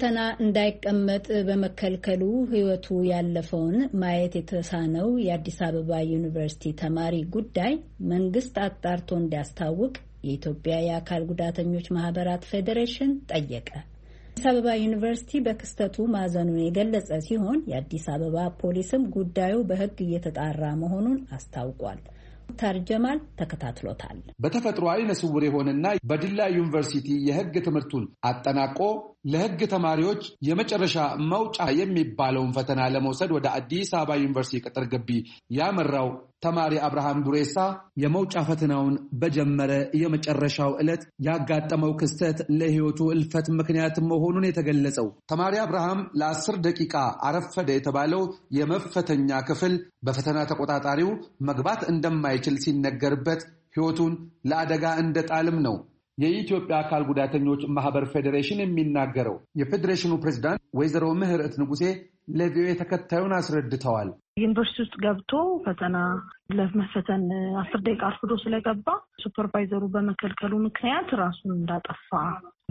ፈተና እንዳይቀመጥ በመከልከሉ ሕይወቱ ያለፈውን ማየት የተሳነው የአዲስ አበባ ዩኒቨርሲቲ ተማሪ ጉዳይ መንግስት አጣርቶ እንዲያስታውቅ የኢትዮጵያ የአካል ጉዳተኞች ማህበራት ፌዴሬሽን ጠየቀ። አዲስ አበባ ዩኒቨርሲቲ በክስተቱ ማዘኑን የገለጸ ሲሆን የአዲስ አበባ ፖሊስም ጉዳዩ በሕግ እየተጣራ መሆኑን አስታውቋል። ሙክታር ጀማል ተከታትሎታል። በተፈጥሮ አይነ ስውር የሆነና በዲላ ዩኒቨርሲቲ የህግ ትምህርቱን አጠናቆ ለህግ ተማሪዎች የመጨረሻ መውጫ የሚባለውን ፈተና ለመውሰድ ወደ አዲስ አበባ ዩኒቨርሲቲ ቅጥር ግቢ ያመራው ተማሪ አብርሃም ዱሬሳ የመውጫ ፈተናውን በጀመረ የመጨረሻው ዕለት ያጋጠመው ክስተት ለሕይወቱ እልፈት ምክንያት መሆኑን የተገለጸው ተማሪ አብርሃም ለአስር ደቂቃ አረፈደ የተባለው የመፈተኛ ክፍል በፈተና ተቆጣጣሪው መግባት እንደማይችል ሲነገርበት ሕይወቱን ለአደጋ እንደጣልም ነው የኢትዮጵያ አካል ጉዳተኞች ማህበር ፌዴሬሽን የሚናገረው። የፌዴሬሽኑ ፕሬዚዳንት ወይዘሮ ምህረት ንጉሴ ለቪኦኤ ተከታዩን አስረድተዋል። ዩኒቨርሲቲ ውስጥ ገብቶ ፈተና ለመፈተን አስር ደቂቃ አርፍዶ ስለገባ ሱፐርቫይዘሩ በመከልከሉ ምክንያት ራሱን እንዳጠፋ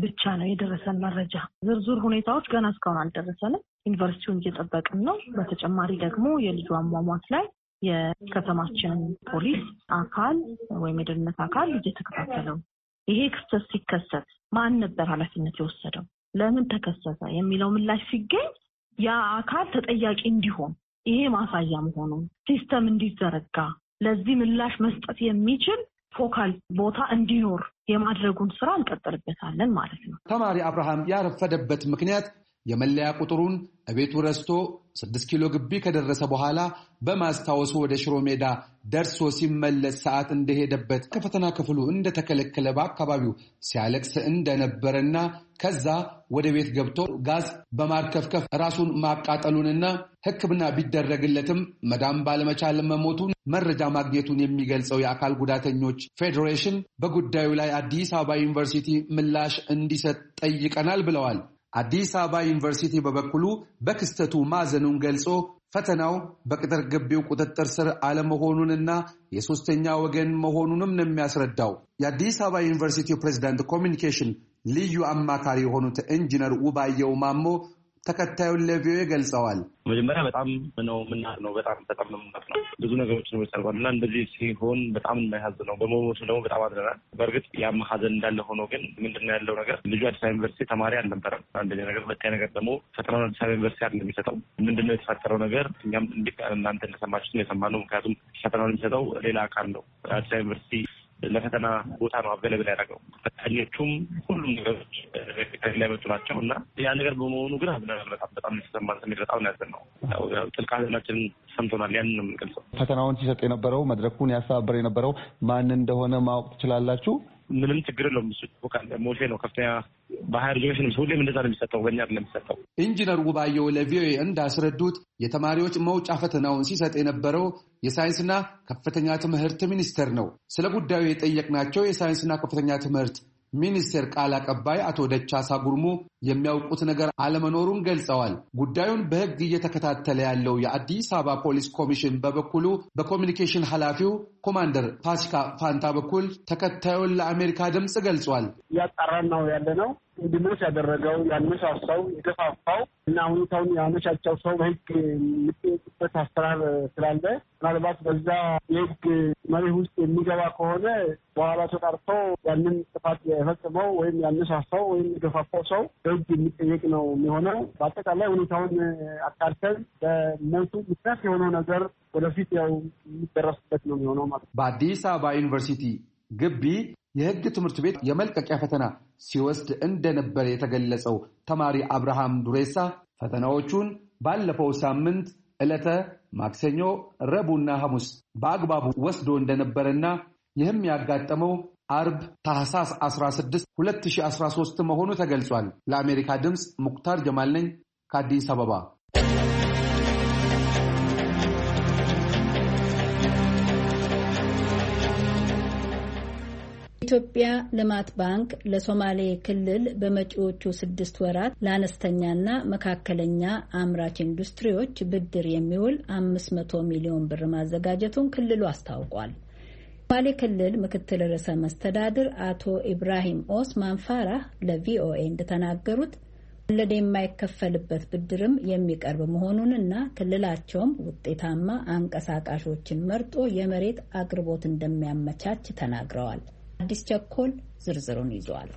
ብቻ ነው የደረሰን መረጃ። ዝርዝር ሁኔታዎች ገና እስካሁን አልደረሰንም። ዩኒቨርሲቲውን እየጠበቅን ነው። በተጨማሪ ደግሞ የልጁ አሟሟት ላይ የከተማችን ፖሊስ አካል ወይም የደህንነት አካል እየተከታተለው ይሄ ክስተት ሲከሰት ማን ነበር ኃላፊነት የወሰደው ለምን ተከሰተ የሚለው ምላሽ ሲገኝ ያ አካል ተጠያቂ እንዲሆን ይሄ ማሳያ መሆኑ ሲስተም እንዲዘረጋ ለዚህ ምላሽ መስጠት የሚችል ፎካል ቦታ እንዲኖር የማድረጉን ስራ እንቀጥልበታለን ማለት ነው። ተማሪ አብርሃም ያረፈደበት ምክንያት የመለያ ቁጥሩን እቤቱ ረስቶ ስድስት ኪሎ ግቢ ከደረሰ በኋላ በማስታወሱ ወደ ሽሮ ሜዳ ደርሶ ሲመለስ ሰዓት እንደሄደበት ከፈተና ክፍሉ እንደተከለከለ በአካባቢው ሲያለቅስ እንደነበረና ከዛ ወደ ቤት ገብቶ ጋዝ በማርከፍከፍ ራሱን ማቃጠሉንና ሕክምና ቢደረግለትም መዳም ባለመቻል መሞቱን መረጃ ማግኘቱን የሚገልጸው የአካል ጉዳተኞች ፌዴሬሽን በጉዳዩ ላይ አዲስ አበባ ዩኒቨርሲቲ ምላሽ እንዲሰጥ ጠይቀናል ብለዋል። አዲስ አበባ ዩኒቨርሲቲ በበኩሉ በክስተቱ ማዘኑን ገልጾ ፈተናው በቅጥር ግቢው ቁጥጥር ስር አለመሆኑንና የሶስተኛ ወገን መሆኑንም ነው የሚያስረዳው። የአዲስ አበባ ዩኒቨርሲቲው ፕሬዚዳንት ኮሚኒኬሽን ልዩ አማካሪ የሆኑት ኢንጂነር ውባየው ማሞ ተከታዩን ለቪኦኤ ገልጸዋል። መጀመሪያ በጣም ነው የምናት ነው በጣም በጣም ነው ነው ብዙ ነገሮች ነው ይሰርጓል እና እንደዚህ ሲሆን በጣም እናያዝ ነው። በመሞቱ ደግሞ በጣም አድረናል። በእርግጥ ያም ሀዘን እንዳለ ሆኖ ግን ምንድነው ያለው ነገር ልጁ አዲስ አበባ ዩኒቨርሲቲ ተማሪ አልነበረም። አንደኛ ነገር፣ ሁለተኛ ነገር ደግሞ ፈተናውን አዲስ አበባ ዩኒቨርሲቲ አለ የሚሰጠው። ምንድነው የተፈጠረው ነገር እኛም እንዲ እናንተ የሰማ ነው። ምክንያቱም ፈተናውን የሚሰጠው ሌላ አካል ነው አዲስ አበባ ዩኒቨርሲቲ ለፈተና ቦታ ነው አቬለብል ያደረገው። ፈታኞቹም ሁሉም ነገሮች ከሌላ የመጡ ናቸው እና ያ ነገር በመሆኑ ግን በጣም በጣም የተሰማን ስሜት በጣም ያዘን ነው። ጥልቅ ሐዘናችንን ሰምቶናል። ያንን ነው የምንገልጸው። ፈተናውን ሲሰጥ የነበረው መድረኩን ያስተባበር የነበረው ማን እንደሆነ ማወቅ ትችላላችሁ? ምንም ችግር የለውም። እሱ ሞሴ ነው ከፍተኛ ልጆች ነው። ሁሌም እንደዛ ነው የሚሰጠው፣ በእኛ ነው የሚሰጠው። ኢንጂነር ጉባኤው ለቪኦኤ እንዳስረዱት የተማሪዎች መውጫ ፈተናውን ሲሰጥ የነበረው የሳይንስና ከፍተኛ ትምህርት ሚኒስቴር ነው። ስለ ጉዳዩ የጠየቅናቸው የሳይንስና ከፍተኛ ትምህርት ሚኒስቴር ቃል አቀባይ አቶ ደቻሳ ጉርሙ የሚያውቁት ነገር አለመኖሩን ገልጸዋል። ጉዳዩን በሕግ እየተከታተለ ያለው የአዲስ አበባ ፖሊስ ኮሚሽን በበኩሉ በኮሚኒኬሽን ኃላፊው ኮማንደር ፋሲካ ፋንታ በኩል ተከታዩን ለአሜሪካ ድምፅ ገልጿል። እያጣራን ነው ያለ ነው። እንዲሞት ያደረገው ያነሳሳው፣ የገፋፋው እና ሁኔታውን ያመቻቸው ሰው በህግ የሚጠየቅበት አሰራር ስላለ ምናልባት በዛ የህግ መሪ ውስጥ የሚገባ ከሆነ በኋላ ተጣርቶ ያንን ጥፋት የፈጽመው ወይም ያነሳሳው ወይም የገፋፋው ሰው በህግ የሚጠየቅ ነው የሚሆነው። በአጠቃላይ ሁኔታውን አካልተን በሞቱ ምክንያት የሆነው ነገር ወደፊት ያው የሚደረስበት ነው የሚሆነው ማለት ነው። በአዲስ አበባ ዩኒቨርሲቲ ግቢ የህግ ትምህርት ቤት የመልቀቂያ ፈተና ሲወስድ እንደነበረ የተገለጸው ተማሪ አብርሃም ዱሬሳ ፈተናዎቹን ባለፈው ሳምንት ዕለተ ማክሰኞ፣ ረቡዕና ሐሙስ በአግባቡ ወስዶ እንደነበረና ይህም ያጋጠመው አርብ ታህሳስ 16 2013 መሆኑ ተገልጿል። ለአሜሪካ ድምፅ ሙክታር ጀማል ነኝ ከአዲስ አበባ የኢትዮጵያ ልማት ባንክ ለሶማሌ ክልል በመጪዎቹ ስድስት ወራት ለአነስተኛና መካከለኛ አምራች ኢንዱስትሪዎች ብድር የሚውል አምስት መቶ ሚሊዮን ብር ማዘጋጀቱን ክልሉ አስታውቋል። ሶማሌ ክልል ምክትል ርዕሰ መስተዳድር አቶ ኢብራሂም ኦስማን ፋራህ ለቪኦኤ እንደተናገሩት ወለድ የማይከፈልበት ብድርም የሚቀርብ መሆኑንና ክልላቸውም ውጤታማ አንቀሳቃሾችን መርጦ የመሬት አቅርቦት እንደሚያመቻች ተናግረዋል። አዲስ ቸኮል ዝርዝሩን ይዟል።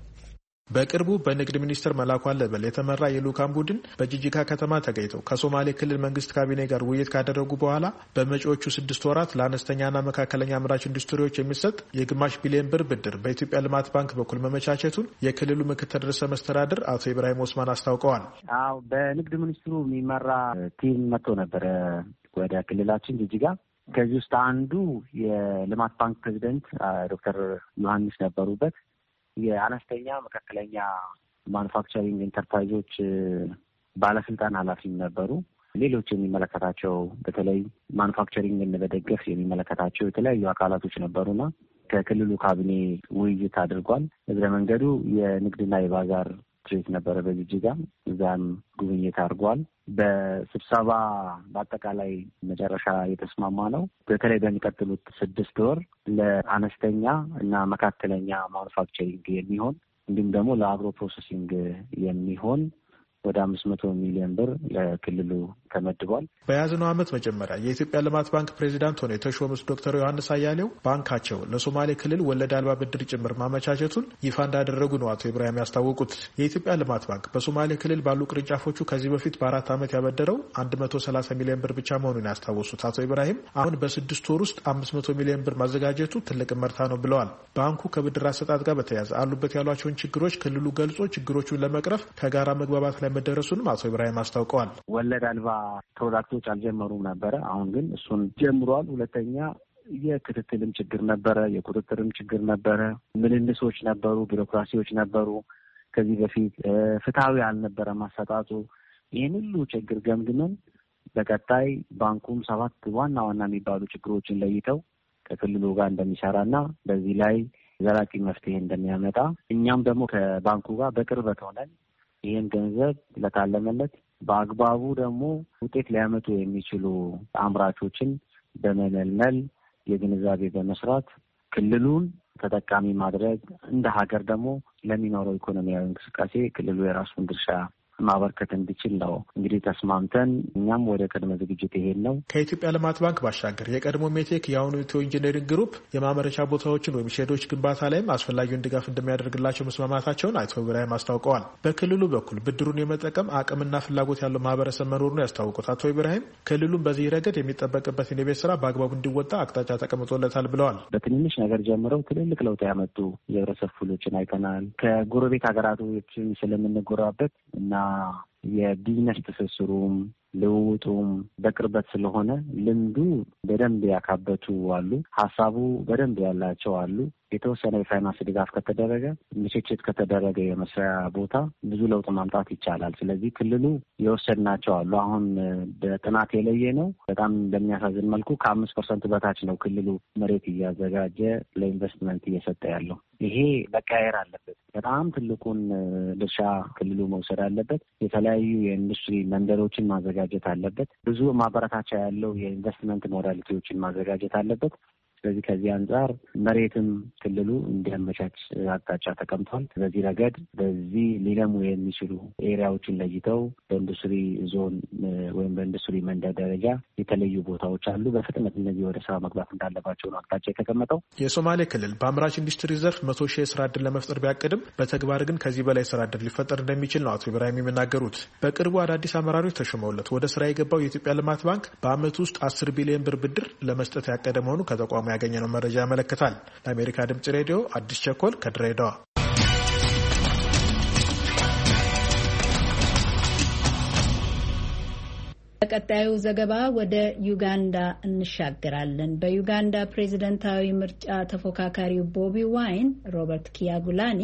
በቅርቡ በንግድ ሚኒስትር መላኩ አለበል የተመራ የልዑካን ቡድን በጅጅጋ ከተማ ተገኝተው ከሶማሌ ክልል መንግስት ካቢኔ ጋር ውይይት ካደረጉ በኋላ በመጪዎቹ ስድስት ወራት ለአነስተኛና መካከለኛ አምራች ኢንዱስትሪዎች የሚሰጥ የግማሽ ቢሊዮን ብር ብድር በኢትዮጵያ ልማት ባንክ በኩል መመቻቸቱን የክልሉ ምክትል ርዕሰ መስተዳድር አቶ ኢብራሂም ኦስማን አስታውቀዋል። አዎ በንግድ ሚኒስትሩ የሚመራ ቲም መጥቶ ነበረ ወደ ክልላችን ጂጂጋ ከዚህ ውስጥ አንዱ የልማት ባንክ ፕሬዚደንት ዶክተር ዮሐንስ ነበሩበት። የአነስተኛ መካከለኛ ማኑፋክቸሪንግ ኢንተርፕራይዞች ባለስልጣን ኃላፊም ነበሩ። ሌሎች የሚመለከታቸው በተለይ ማኑፋክቸሪንግን በደገፍ የሚመለከታቸው የተለያዩ አካላቶች ነበሩና ከክልሉ ካቢኔ ውይይት አድርጓል። እግረ መንገዱ የንግድና የባዛር ትሬት ነበረ በጅጅጋ እዛም ጉብኝት አድርጓል። በስብሰባ በአጠቃላይ መጨረሻ የተስማማ ነው። በተለይ በሚቀጥሉት ስድስት ወር ለአነስተኛ እና መካከለኛ ማኑፋክቸሪንግ የሚሆን እንዲሁም ደግሞ ለአግሮ ፕሮሰሲንግ የሚሆን ወደ አምስት መቶ ሚሊዮን ብር ለክልሉ ተመድቧል። በያዝነው ዓመት መጀመሪያ የኢትዮጵያ ልማት ባንክ ፕሬዚዳንት ሆነው የተሾሙት ዶክተር ዮሐንስ አያሌው ባንካቸው ለሶማሌ ክልል ወለድ አልባ ብድር ጭምር ማመቻቸቱን ይፋ እንዳደረጉ ነው አቶ ኢብራሂም ያስታወቁት። የኢትዮጵያ ልማት ባንክ በሶማሌ ክልል ባሉ ቅርንጫፎቹ ከዚህ በፊት በአራት ዓመት ያበደረው 130 ሚሊዮን ብር ብቻ መሆኑን ያስታወሱት አቶ ኢብራሂም አሁን በስድስት ወር ውስጥ 500 ሚሊዮን ብር ማዘጋጀቱ ትልቅ መርታ ነው ብለዋል። ባንኩ ከብድር አሰጣጥ ጋር በተያያዘ አሉበት ያሏቸውን ችግሮች ክልሉ ገልጾ ችግሮቹን ለመቅረፍ ከጋራ መግባባት ላይ ላይ መደረሱንም አቶ ኢብራሂም አስታውቀዋል። ወለድ አልባ ፕሮዳክቶች አልጀመሩም ነበረ። አሁን ግን እሱን ጀምሯል። ሁለተኛ የክትትልም ችግር ነበረ፣ የቁጥጥርም ችግር ነበረ፣ ምልልሶች ነበሩ፣ ቢሮክራሲዎች ነበሩ። ከዚህ በፊት ፍትሐዊ አልነበረም አሰጣጡ። ይህን ሁሉ ችግር ገምግመን በቀጣይ ባንኩም ሰባት ዋና ዋና የሚባሉ ችግሮችን ለይተው ከክልሉ ጋር እንደሚሰራና በዚህ ላይ ዘላቂ መፍትሄ እንደሚያመጣ እኛም ደግሞ ከባንኩ ጋር በቅርበት ሆነን ይህን ገንዘብ ለታለመለት በአግባቡ ደግሞ ውጤት ሊያመጡ የሚችሉ አምራቾችን በመመልመል የግንዛቤ በመስራት ክልሉን ተጠቃሚ ማድረግ እንደ ሀገር ደግሞ ለሚኖረው ኢኮኖሚያዊ እንቅስቃሴ ክልሉ የራሱን ድርሻ ማበርከት እንዲችል ነው እንግዲህ ተስማምተን እኛም ወደ ቅድመ ዝግጅት ይሄድ ነው። ከኢትዮጵያ ልማት ባንክ ባሻገር የቀድሞ ሜቴክ የአሁኑ ኢትዮ ኢንጂነሪንግ ግሩፕ የማመረቻ ቦታዎችን ወይም ሼዶች ግንባታ ላይም አስፈላጊውን ድጋፍ እንደሚያደርግላቸው መስማማታቸውን አቶ ብራሂም አስታውቀዋል። በክልሉ በኩል ብድሩን የመጠቀም አቅምና ፍላጎት ያለው ማህበረሰብ መኖሩን ያስታወቁት አቶ ብራሂም ክልሉን በዚህ ረገድ የሚጠበቅበትን የቤት ስራ በአግባቡ እንዲወጣ አቅጣጫ ተቀምጦለታል ብለዋል። በትንንሽ ነገር ጀምረው ትልልቅ ለውጥ ያመጡ የህብረተሰብ ክፍሎችን አይተናል። ከጎረቤት ሀገራቶችን ስለምንጎራበት እና የቢዝነስ ትስስሩም ልውውጡም በቅርበት ስለሆነ ልምዱ በደንብ ያካበቱ አሉ፣ ሀሳቡ በደንብ ያላቸው አሉ። የተወሰነ የፋይናንስ ድጋፍ ከተደረገ ምችችት ከተደረገ የመስሪያ ቦታ ብዙ ለውጥ ማምጣት ይቻላል። ስለዚህ ክልሉ የወሰድናቸው አሉ። አሁን በጥናት የለየ ነው። በጣም በሚያሳዝን መልኩ ከአምስት ፐርሰንት በታች ነው ክልሉ መሬት እያዘጋጀ ለኢንቨስትመንት እየሰጠ ያለው። ይሄ መቀየር አለበት። በጣም ትልቁን ድርሻ ክልሉ መውሰድ አለበት። የተለያዩ የኢንዱስትሪ መንደሮችን ማዘጋጀት አለበት። ብዙ ማበረታቻ ያለው የኢንቨስትመንት ሞዳሊቲዎችን ማዘጋጀት አለበት። ስለዚህ ከዚህ አንጻር መሬትም ክልሉ እንዲያመቻች አቅጣጫ ተቀምጧል። በዚህ ረገድ በዚህ ሊለሙ የሚችሉ ኤሪያዎችን ለይተው በኢንዱስትሪ ዞን ወይም በኢንዱስትሪ መንደር ደረጃ የተለዩ ቦታዎች አሉ። በፍጥነት እነዚህ ወደ ስራ መግባት እንዳለባቸው ነው አቅጣጫ የተቀመጠው። የሶማሌ ክልል በአምራች ኢንዱስትሪ ዘርፍ መቶ ሺህ የስራ እድል ለመፍጠር ቢያቅድም በተግባር ግን ከዚህ በላይ ስራ እድል ሊፈጠር እንደሚችል ነው አቶ ኢብራሂም የሚናገሩት። በቅርቡ አዳዲስ አመራሮች ተሾመውለት ወደ ስራ የገባው የኢትዮጵያ ልማት ባንክ በአመቱ ውስጥ አስር ቢሊዮን ብር ብድር ለመስጠት ያቀደ መሆኑ ከተቋሙ ተቋም ያገኘነው መረጃ ያመለክታል። ለአሜሪካ ድምጽ ሬዲዮ አዲስ ቸኮል ከድሬዳዋ በቀጣዩ ዘገባ ወደ ዩጋንዳ እንሻገራለን። በዩጋንዳ ፕሬዝደንታዊ ምርጫ ተፎካካሪው ቦቢ ዋይን ሮበርት ኪያጉላኒ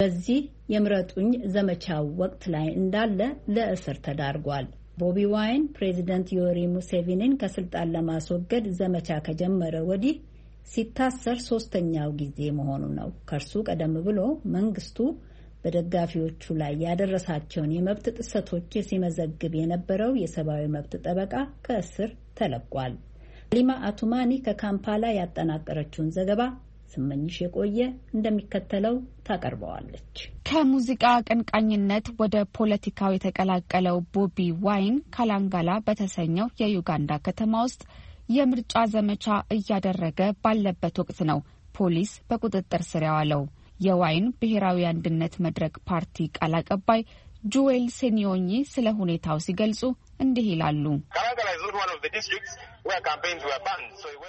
በዚህ የምረጡኝ ዘመቻው ወቅት ላይ እንዳለ ለእስር ተዳርጓል። ቦቢ ዋይን ፕሬዚደንት ዮሪ ሙሴቪኒን ከስልጣን ለማስወገድ ዘመቻ ከጀመረ ወዲህ ሲታሰር ሶስተኛው ጊዜ መሆኑ ነው። ከእርሱ ቀደም ብሎ መንግስቱ በደጋፊዎቹ ላይ ያደረሳቸውን የመብት ጥሰቶች ሲመዘግብ የነበረው የሰብአዊ መብት ጠበቃ ከእስር ተለቋል። ሊማ አቱማኒ ከካምፓላ ያጠናቀረችውን ዘገባ ስመኝሽ የቆየ እንደሚከተለው ታቀርበዋለች። ከሙዚቃ አቀንቃኝነት ወደ ፖለቲካው የተቀላቀለው ቦቢ ዋይን ካላንጋላ በተሰኘው የዩጋንዳ ከተማ ውስጥ የምርጫ ዘመቻ እያደረገ ባለበት ወቅት ነው ፖሊስ በቁጥጥር ስር ያዋለው። የዋይን ብሔራዊ አንድነት መድረክ ፓርቲ ቃል አቀባይ ጁዌል ሴኒዮኚ ስለ ሁኔታው ሲገልጹ እንዲህ ይላሉ።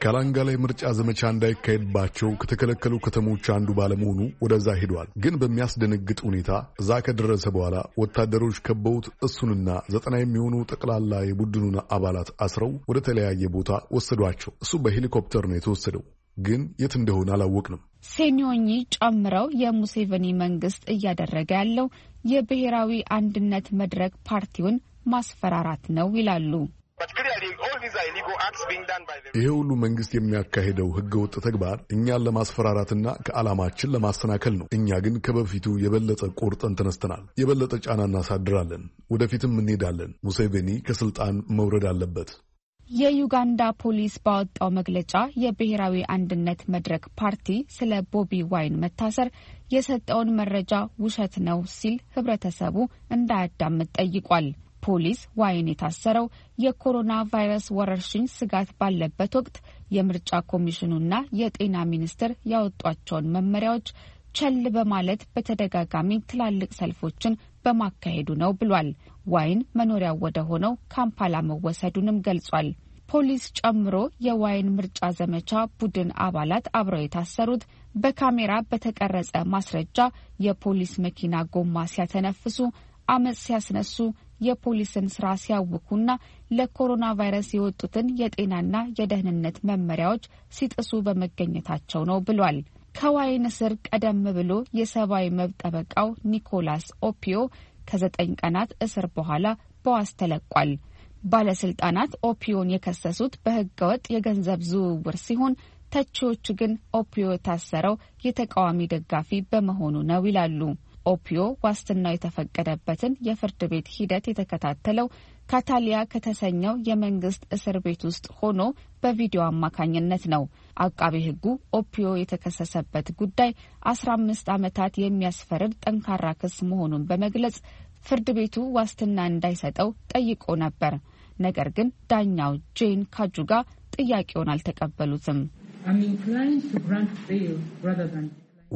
ካላንጋ ላይ ምርጫ ዘመቻ እንዳይካሄድባቸው ከተከለከሉ ከተሞች አንዱ ባለመሆኑ ወደዛ ሄዷል። ግን በሚያስደነግጥ ሁኔታ እዛ ከደረሰ በኋላ ወታደሮች ከበውት እሱንና ዘጠና የሚሆኑ ጠቅላላ የቡድኑን አባላት አስረው ወደ ተለያየ ቦታ ወሰዷቸው። እሱ በሄሊኮፕተር ነው የተወሰደው ግን የት እንደሆነ አላወቅንም። ሴኒዮኚ ጨምረው የሙሴቨኒ መንግስት እያደረገ ያለው የብሔራዊ አንድነት መድረክ ፓርቲውን ማስፈራራት ነው ይላሉ። ይሄ ሁሉ መንግስት የሚያካሄደው ህገወጥ ተግባር እኛን ለማስፈራራትና ከዓላማችን ለማሰናከል ነው። እኛ ግን ከበፊቱ የበለጠ ቆርጠን ተነስተናል። የበለጠ ጫና እናሳድራለን። ወደፊትም እንሄዳለን። ሙሴቬኒ ከስልጣን መውረድ አለበት። የዩጋንዳ ፖሊስ ባወጣው መግለጫ የብሔራዊ አንድነት መድረክ ፓርቲ ስለ ቦቢ ዋይን መታሰር የሰጠውን መረጃ ውሸት ነው ሲል ህብረተሰቡ እንዳያዳምጥ ጠይቋል። ፖሊስ ዋይን የታሰረው የኮሮና ቫይረስ ወረርሽኝ ስጋት ባለበት ወቅት የምርጫ ኮሚሽኑና የጤና ሚኒስቴር ያወጧቸውን መመሪያዎች ቸል በማለት በተደጋጋሚ ትላልቅ ሰልፎችን በማካሄዱ ነው ብሏል። ዋይን መኖሪያው ወደ ሆነው ካምፓላ መወሰዱንም ገልጿል። ፖሊስ ጨምሮ የዋይን ምርጫ ዘመቻ ቡድን አባላት አብረው የታሰሩት በካሜራ በተቀረጸ ማስረጃ የፖሊስ መኪና ጎማ ሲያተነፍሱ፣ አመፅ ሲያስነሱ የፖሊስን ስራ ሲያውኩና ለኮሮና ቫይረስ የወጡትን የጤናና የደህንነት መመሪያዎች ሲጥሱ በመገኘታቸው ነው ብሏል። ከዋይን ስር ቀደም ብሎ የሰብአዊ መብት ጠበቃው ኒኮላስ ኦፒዮ ከዘጠኝ ቀናት እስር በኋላ በዋስ ተለቋል። ባለስልጣናት ኦፒዮን የከሰሱት በህገወጥ የገንዘብ ዝውውር ሲሆን ተቺዎቹ ግን ኦፒዮ የታሰረው የተቃዋሚ ደጋፊ በመሆኑ ነው ይላሉ። ኦፒዮ ዋስትናው የተፈቀደበትን የፍርድ ቤት ሂደት የተከታተለው ካታሊያ ከተሰኘው የመንግስት እስር ቤት ውስጥ ሆኖ በቪዲዮ አማካኝነት ነው። አቃቤ ሕጉ ኦፒዮ የተከሰሰበት ጉዳይ አስራ አምስት ዓመታት የሚያስፈርድ ጠንካራ ክስ መሆኑን በመግለጽ ፍርድ ቤቱ ዋስትና እንዳይሰጠው ጠይቆ ነበር። ነገር ግን ዳኛው ጄን ካጁጋ ጥያቄውን አልተቀበሉትም።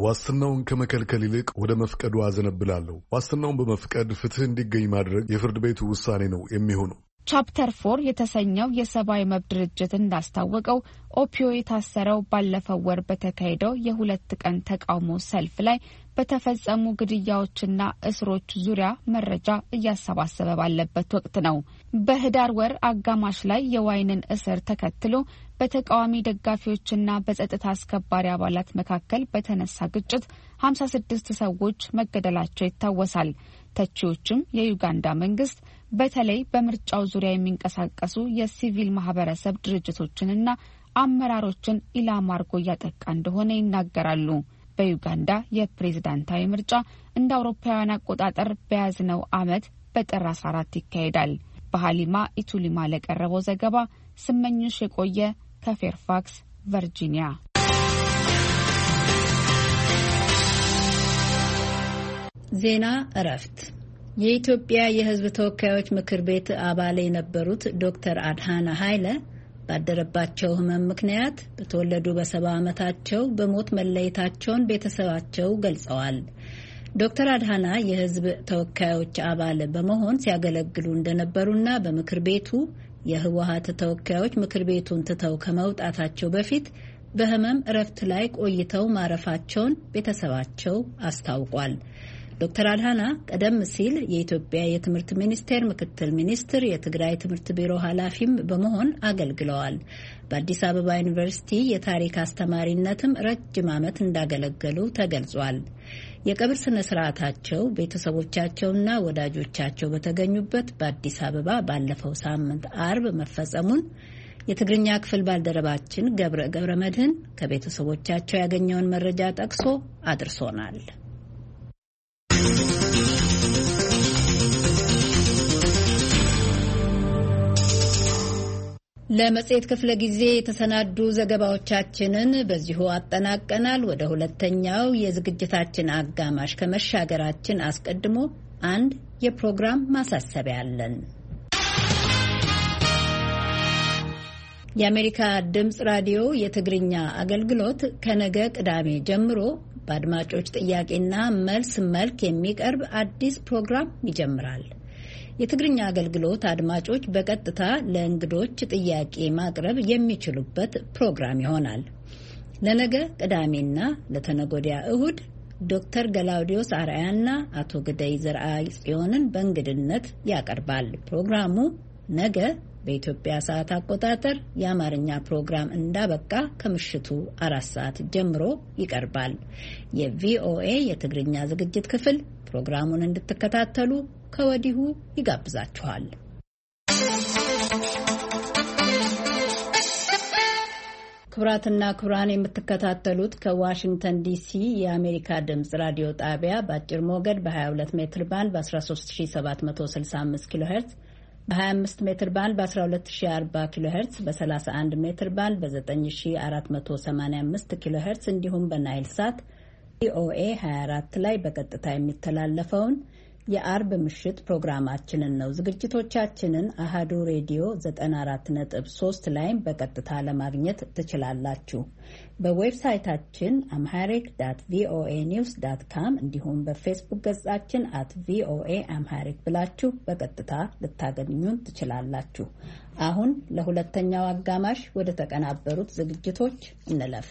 ዋስትናውን ከመከልከል ይልቅ ወደ መፍቀዱ አዘነብላለሁ። ዋስትናውን በመፍቀድ ፍትህ እንዲገኝ ማድረግ የፍርድ ቤቱ ውሳኔ ነው የሚሆነው። ቻፕተር ፎር የተሰኘው የሰብአዊ መብት ድርጅት እንዳስታወቀው ኦፒዮ የታሰረው ባለፈው ወር በተካሄደው የሁለት ቀን ተቃውሞ ሰልፍ ላይ በተፈጸሙ ግድያዎችና እስሮች ዙሪያ መረጃ እያሰባሰበ ባለበት ወቅት ነው። በህዳር ወር አጋማሽ ላይ የዋይንን እስር ተከትሎ በተቃዋሚ ደጋፊዎችና በጸጥታ አስከባሪ አባላት መካከል በተነሳ ግጭት ሀምሳ ስድስት ሰዎች መገደላቸው ይታወሳል። ተቺዎችም የዩጋንዳ መንግስት በተለይ በምርጫው ዙሪያ የሚንቀሳቀሱ የሲቪል ማህበረሰብ ድርጅቶችንና አመራሮችን ኢላማ አርጎ እያጠቃ እንደሆነ ይናገራሉ። በዩጋንዳ የፕሬዝዳንታዊ ምርጫ እንደ አውሮፓውያን አቆጣጠር በያዝነው ዓመት በጥር 14 ይካሄዳል። በሀሊማ ኢቱሊማ ለቀረበው ዘገባ ስመኝሽ የቆየ ከፌርፋክስ ቨርጂኒያ። ዜና እረፍት የኢትዮጵያ የሕዝብ ተወካዮች ምክር ቤት አባል የነበሩት ዶክተር አድሃና ኃይለ ባደረባቸው ህመም ምክንያት በተወለዱ በሰባ ዓመታቸው በሞት መለየታቸውን ቤተሰባቸው ገልጸዋል። ዶክተር አድሃና የህዝብ ተወካዮች አባል በመሆን ሲያገለግሉ እንደነበሩና በምክር ቤቱ የህወሀት ተወካዮች ምክር ቤቱን ትተው ከመውጣታቸው በፊት በህመም እረፍት ላይ ቆይተው ማረፋቸውን ቤተሰባቸው አስታውቋል። ዶክተር አድሃና ቀደም ሲል የኢትዮጵያ የትምህርት ሚኒስቴር ምክትል ሚኒስትር፣ የትግራይ ትምህርት ቢሮ ኃላፊም በመሆን አገልግለዋል። በአዲስ አበባ ዩኒቨርሲቲ የታሪክ አስተማሪነትም ረጅም ዓመት እንዳገለገሉ ተገልጿል። የቀብር ስነ ስርዓታቸው ቤተሰቦቻቸውና ወዳጆቻቸው በተገኙበት በአዲስ አበባ ባለፈው ሳምንት አርብ መፈጸሙን የትግርኛ ክፍል ባልደረባችን ገብረ ገብረ መድህን ከቤተሰቦቻቸው ያገኘውን መረጃ ጠቅሶ አድርሶናል። ለመጽሔት ክፍለ ጊዜ የተሰናዱ ዘገባዎቻችንን በዚሁ አጠናቀናል። ወደ ሁለተኛው የዝግጅታችን አጋማሽ ከመሻገራችን አስቀድሞ አንድ የፕሮግራም ማሳሰቢያ አለን። የአሜሪካ ድምፅ ራዲዮ የትግርኛ አገልግሎት ከነገ ቅዳሜ ጀምሮ በአድማጮች ጥያቄና መልስ መልክ የሚቀርብ አዲስ ፕሮግራም ይጀምራል። የትግርኛ አገልግሎት አድማጮች በቀጥታ ለእንግዶች ጥያቄ ማቅረብ የሚችሉበት ፕሮግራም ይሆናል። ለነገ ቅዳሜና ለተነጎዲያ እሁድ ዶክተር ገላውዲዮስ አርአያና አቶ ግደይ ዘርአይ ጽዮንን በእንግድነት ያቀርባል። ፕሮግራሙ ነገ በኢትዮጵያ ሰዓት አቆጣጠር የአማርኛ ፕሮግራም እንዳበቃ ከምሽቱ አራት ሰዓት ጀምሮ ይቀርባል። የቪኦኤ የትግርኛ ዝግጅት ክፍል ፕሮግራሙን እንድትከታተሉ ከወዲሁ ይጋብዛችኋል። ክቡራትና ክቡራን የምትከታተሉት ከዋሽንግተን ዲሲ የአሜሪካ ድምፅ ራዲዮ ጣቢያ በአጭር ሞገድ በ22 ሜትር ባንድ በ13765 ኪሎ በ25 ሜትር ባንድ በ1240 ኪሎ ሄርትዝ በ31 ሜትር ባንድ በ9485 ኪሎ ሄርትዝ እንዲሁም በናይል ሳት ቪኦኤ 24 ላይ በቀጥታ የሚተላለፈውን የአርብ ምሽት ፕሮግራማችንን ነው። ዝግጅቶቻችንን አሃዱ ሬዲዮ 94.3 ላይም በቀጥታ ለማግኘት ትችላላችሁ። በዌብሳይታችን አምሃሪክ ዳት ቪኦኤ ኒውስ ዳት ካም እንዲሁም በፌስቡክ ገጻችን አት ቪኦኤ አምሃሪክ ብላችሁ በቀጥታ ልታገኙን ትችላላችሁ። አሁን ለሁለተኛው አጋማሽ ወደ ተቀናበሩት ዝግጅቶች እንለፍ።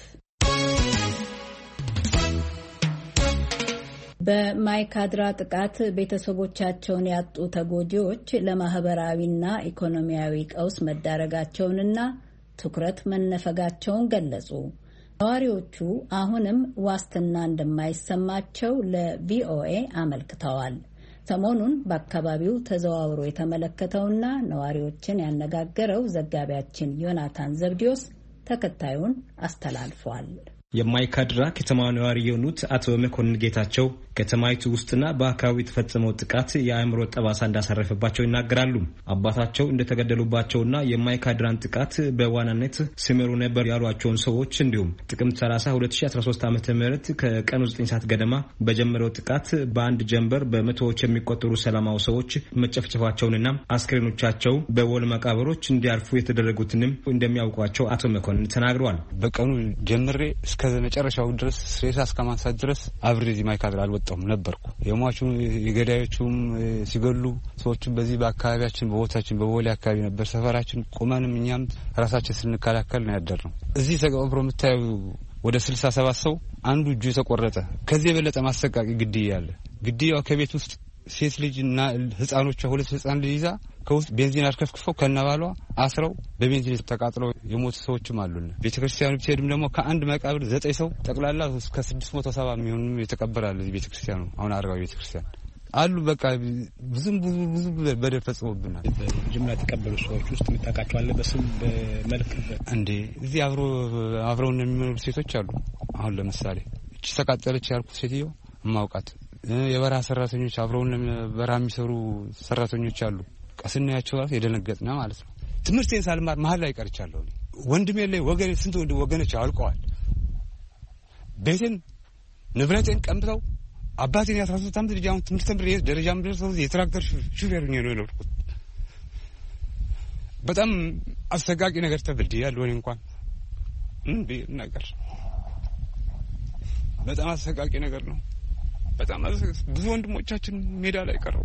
በማይካድራ ጥቃት ቤተሰቦቻቸውን ያጡ ተጎጂዎች ለማህበራዊና ኢኮኖሚያዊ ቀውስ መዳረጋቸውንና ትኩረት መነፈጋቸውን ገለጹ። ነዋሪዎቹ አሁንም ዋስትና እንደማይሰማቸው ለቪኦኤ አመልክተዋል። ሰሞኑን በአካባቢው ተዘዋውሮ የተመለከተውና ነዋሪዎችን ያነጋገረው ዘጋቢያችን ዮናታን ዘብዲዮስ ተከታዩን አስተላልፏል። የማይካድራ ከተማ ነዋሪ የሆኑት አቶ መኮንን ጌታቸው ከተማይቱ ውስጥና በአካባቢ የተፈጸመው ጥቃት የአእምሮ ጠባሳ እንዳሳረፈባቸው ይናገራሉ። አባታቸው እንደተገደሉባቸውና የማይካድራን ጥቃት በዋናነት ሲመሩ ነበር ያሏቸውን ሰዎች እንዲሁም ጥቅምት 30 2013 ዓ ም ከቀኑ 9 ሰዓት ገደማ በጀመረው ጥቃት በአንድ ጀንበር በመቶዎች የሚቆጠሩ ሰላማዊ ሰዎች መጨፍጨፋቸውንና አስክሬኖቻቸው በወል መቃብሮች እንዲያርፉ የተደረጉትንም እንደሚያውቋቸው አቶ መኮንን ተናግረዋል። በቀኑ ጀምሬ እስከ መጨረሻው ድረስ ሬሳ እስከ ማንሳት ድረስ አብሬ እዚህ ማይካድራ አልወጣሁም ነበርኩ። የሟቹ የገዳዮቹም ሲገሉ ሰዎቹም በዚህ በአካባቢያችን በቦታችን በቦሌ አካባቢ ነበር ሰፈራችን። ቁመንም እኛም ራሳችን ስንከላከል ነው ያደር ነው። እዚህ ተቀብሮ የምታዩ ወደ ስልሳ ሰባት ሰው አንዱ እጁ የተቆረጠ ከዚህ የበለጠ ማሰቃቂ ግድያ አለ። ግድያው ከቤት ውስጥ ሴት ልጅ እና ህጻኖቿ ሁለት ህጻን ልጅ ይዛ ከውስጥ ቤንዚን አርከፍክፈው ከነባሏ አስረው በቤንዚን ተቃጥለው የሞቱ ሰዎችም አሉን። ክርስቲያኑ ብትሄድም ደግሞ ከአንድ መቃብር ዘጠኝ ሰው ጠቅላላ እስከ ስድስት መቶ ሰባ የሚሆኑ የተቀበራለ ክርስቲያኑ አሁን አርጋዊ ቤተ ክርስቲያን አሉ በቃ ብዙም ብዙ ብዙ በደል ፈጽሞብናል። ጅምላ የተቀበሉ ሰዎች ውስጥ የምታውቃቸዋለህ? በስም በመልክ እንዴ? እዚህ አብሮ አብረውን የሚኖሩ ሴቶች አሉ። አሁን ለምሳሌ እቺ ተቃጠለች ያልኩት ሴትዮ እማውቃት፣ የበረሃ ሰራተኞች አብረውን በረሃ የሚሰሩ ሰራተኞች አሉ። ቀስናያቸው ራሱ የደነገጥና ማለት ነው ትምህርቴን ሳልማር መሀል ላይ ቀርቻለሁ። ወንድሜ ላይ ወገኔ ስንት ወንድ ወገኖች አልቀዋል። ቤቴን ንብረቴን ቀምተው አባቴን የአስራ ሶስት ዓመት ልጅ አሁን ትምህርት ተምሬ ደረጃ ምድረሰው የትራክተር ሹፌር ነው የኖርኩት። በጣም አሰቃቂ ነገር ተበድያለሁ። እኔ እንኳን ነገር በጣም አሰቃቂ ነገር ነው። በጣም ብዙ ወንድሞቻችን ሜዳ ላይ ቀረቡ።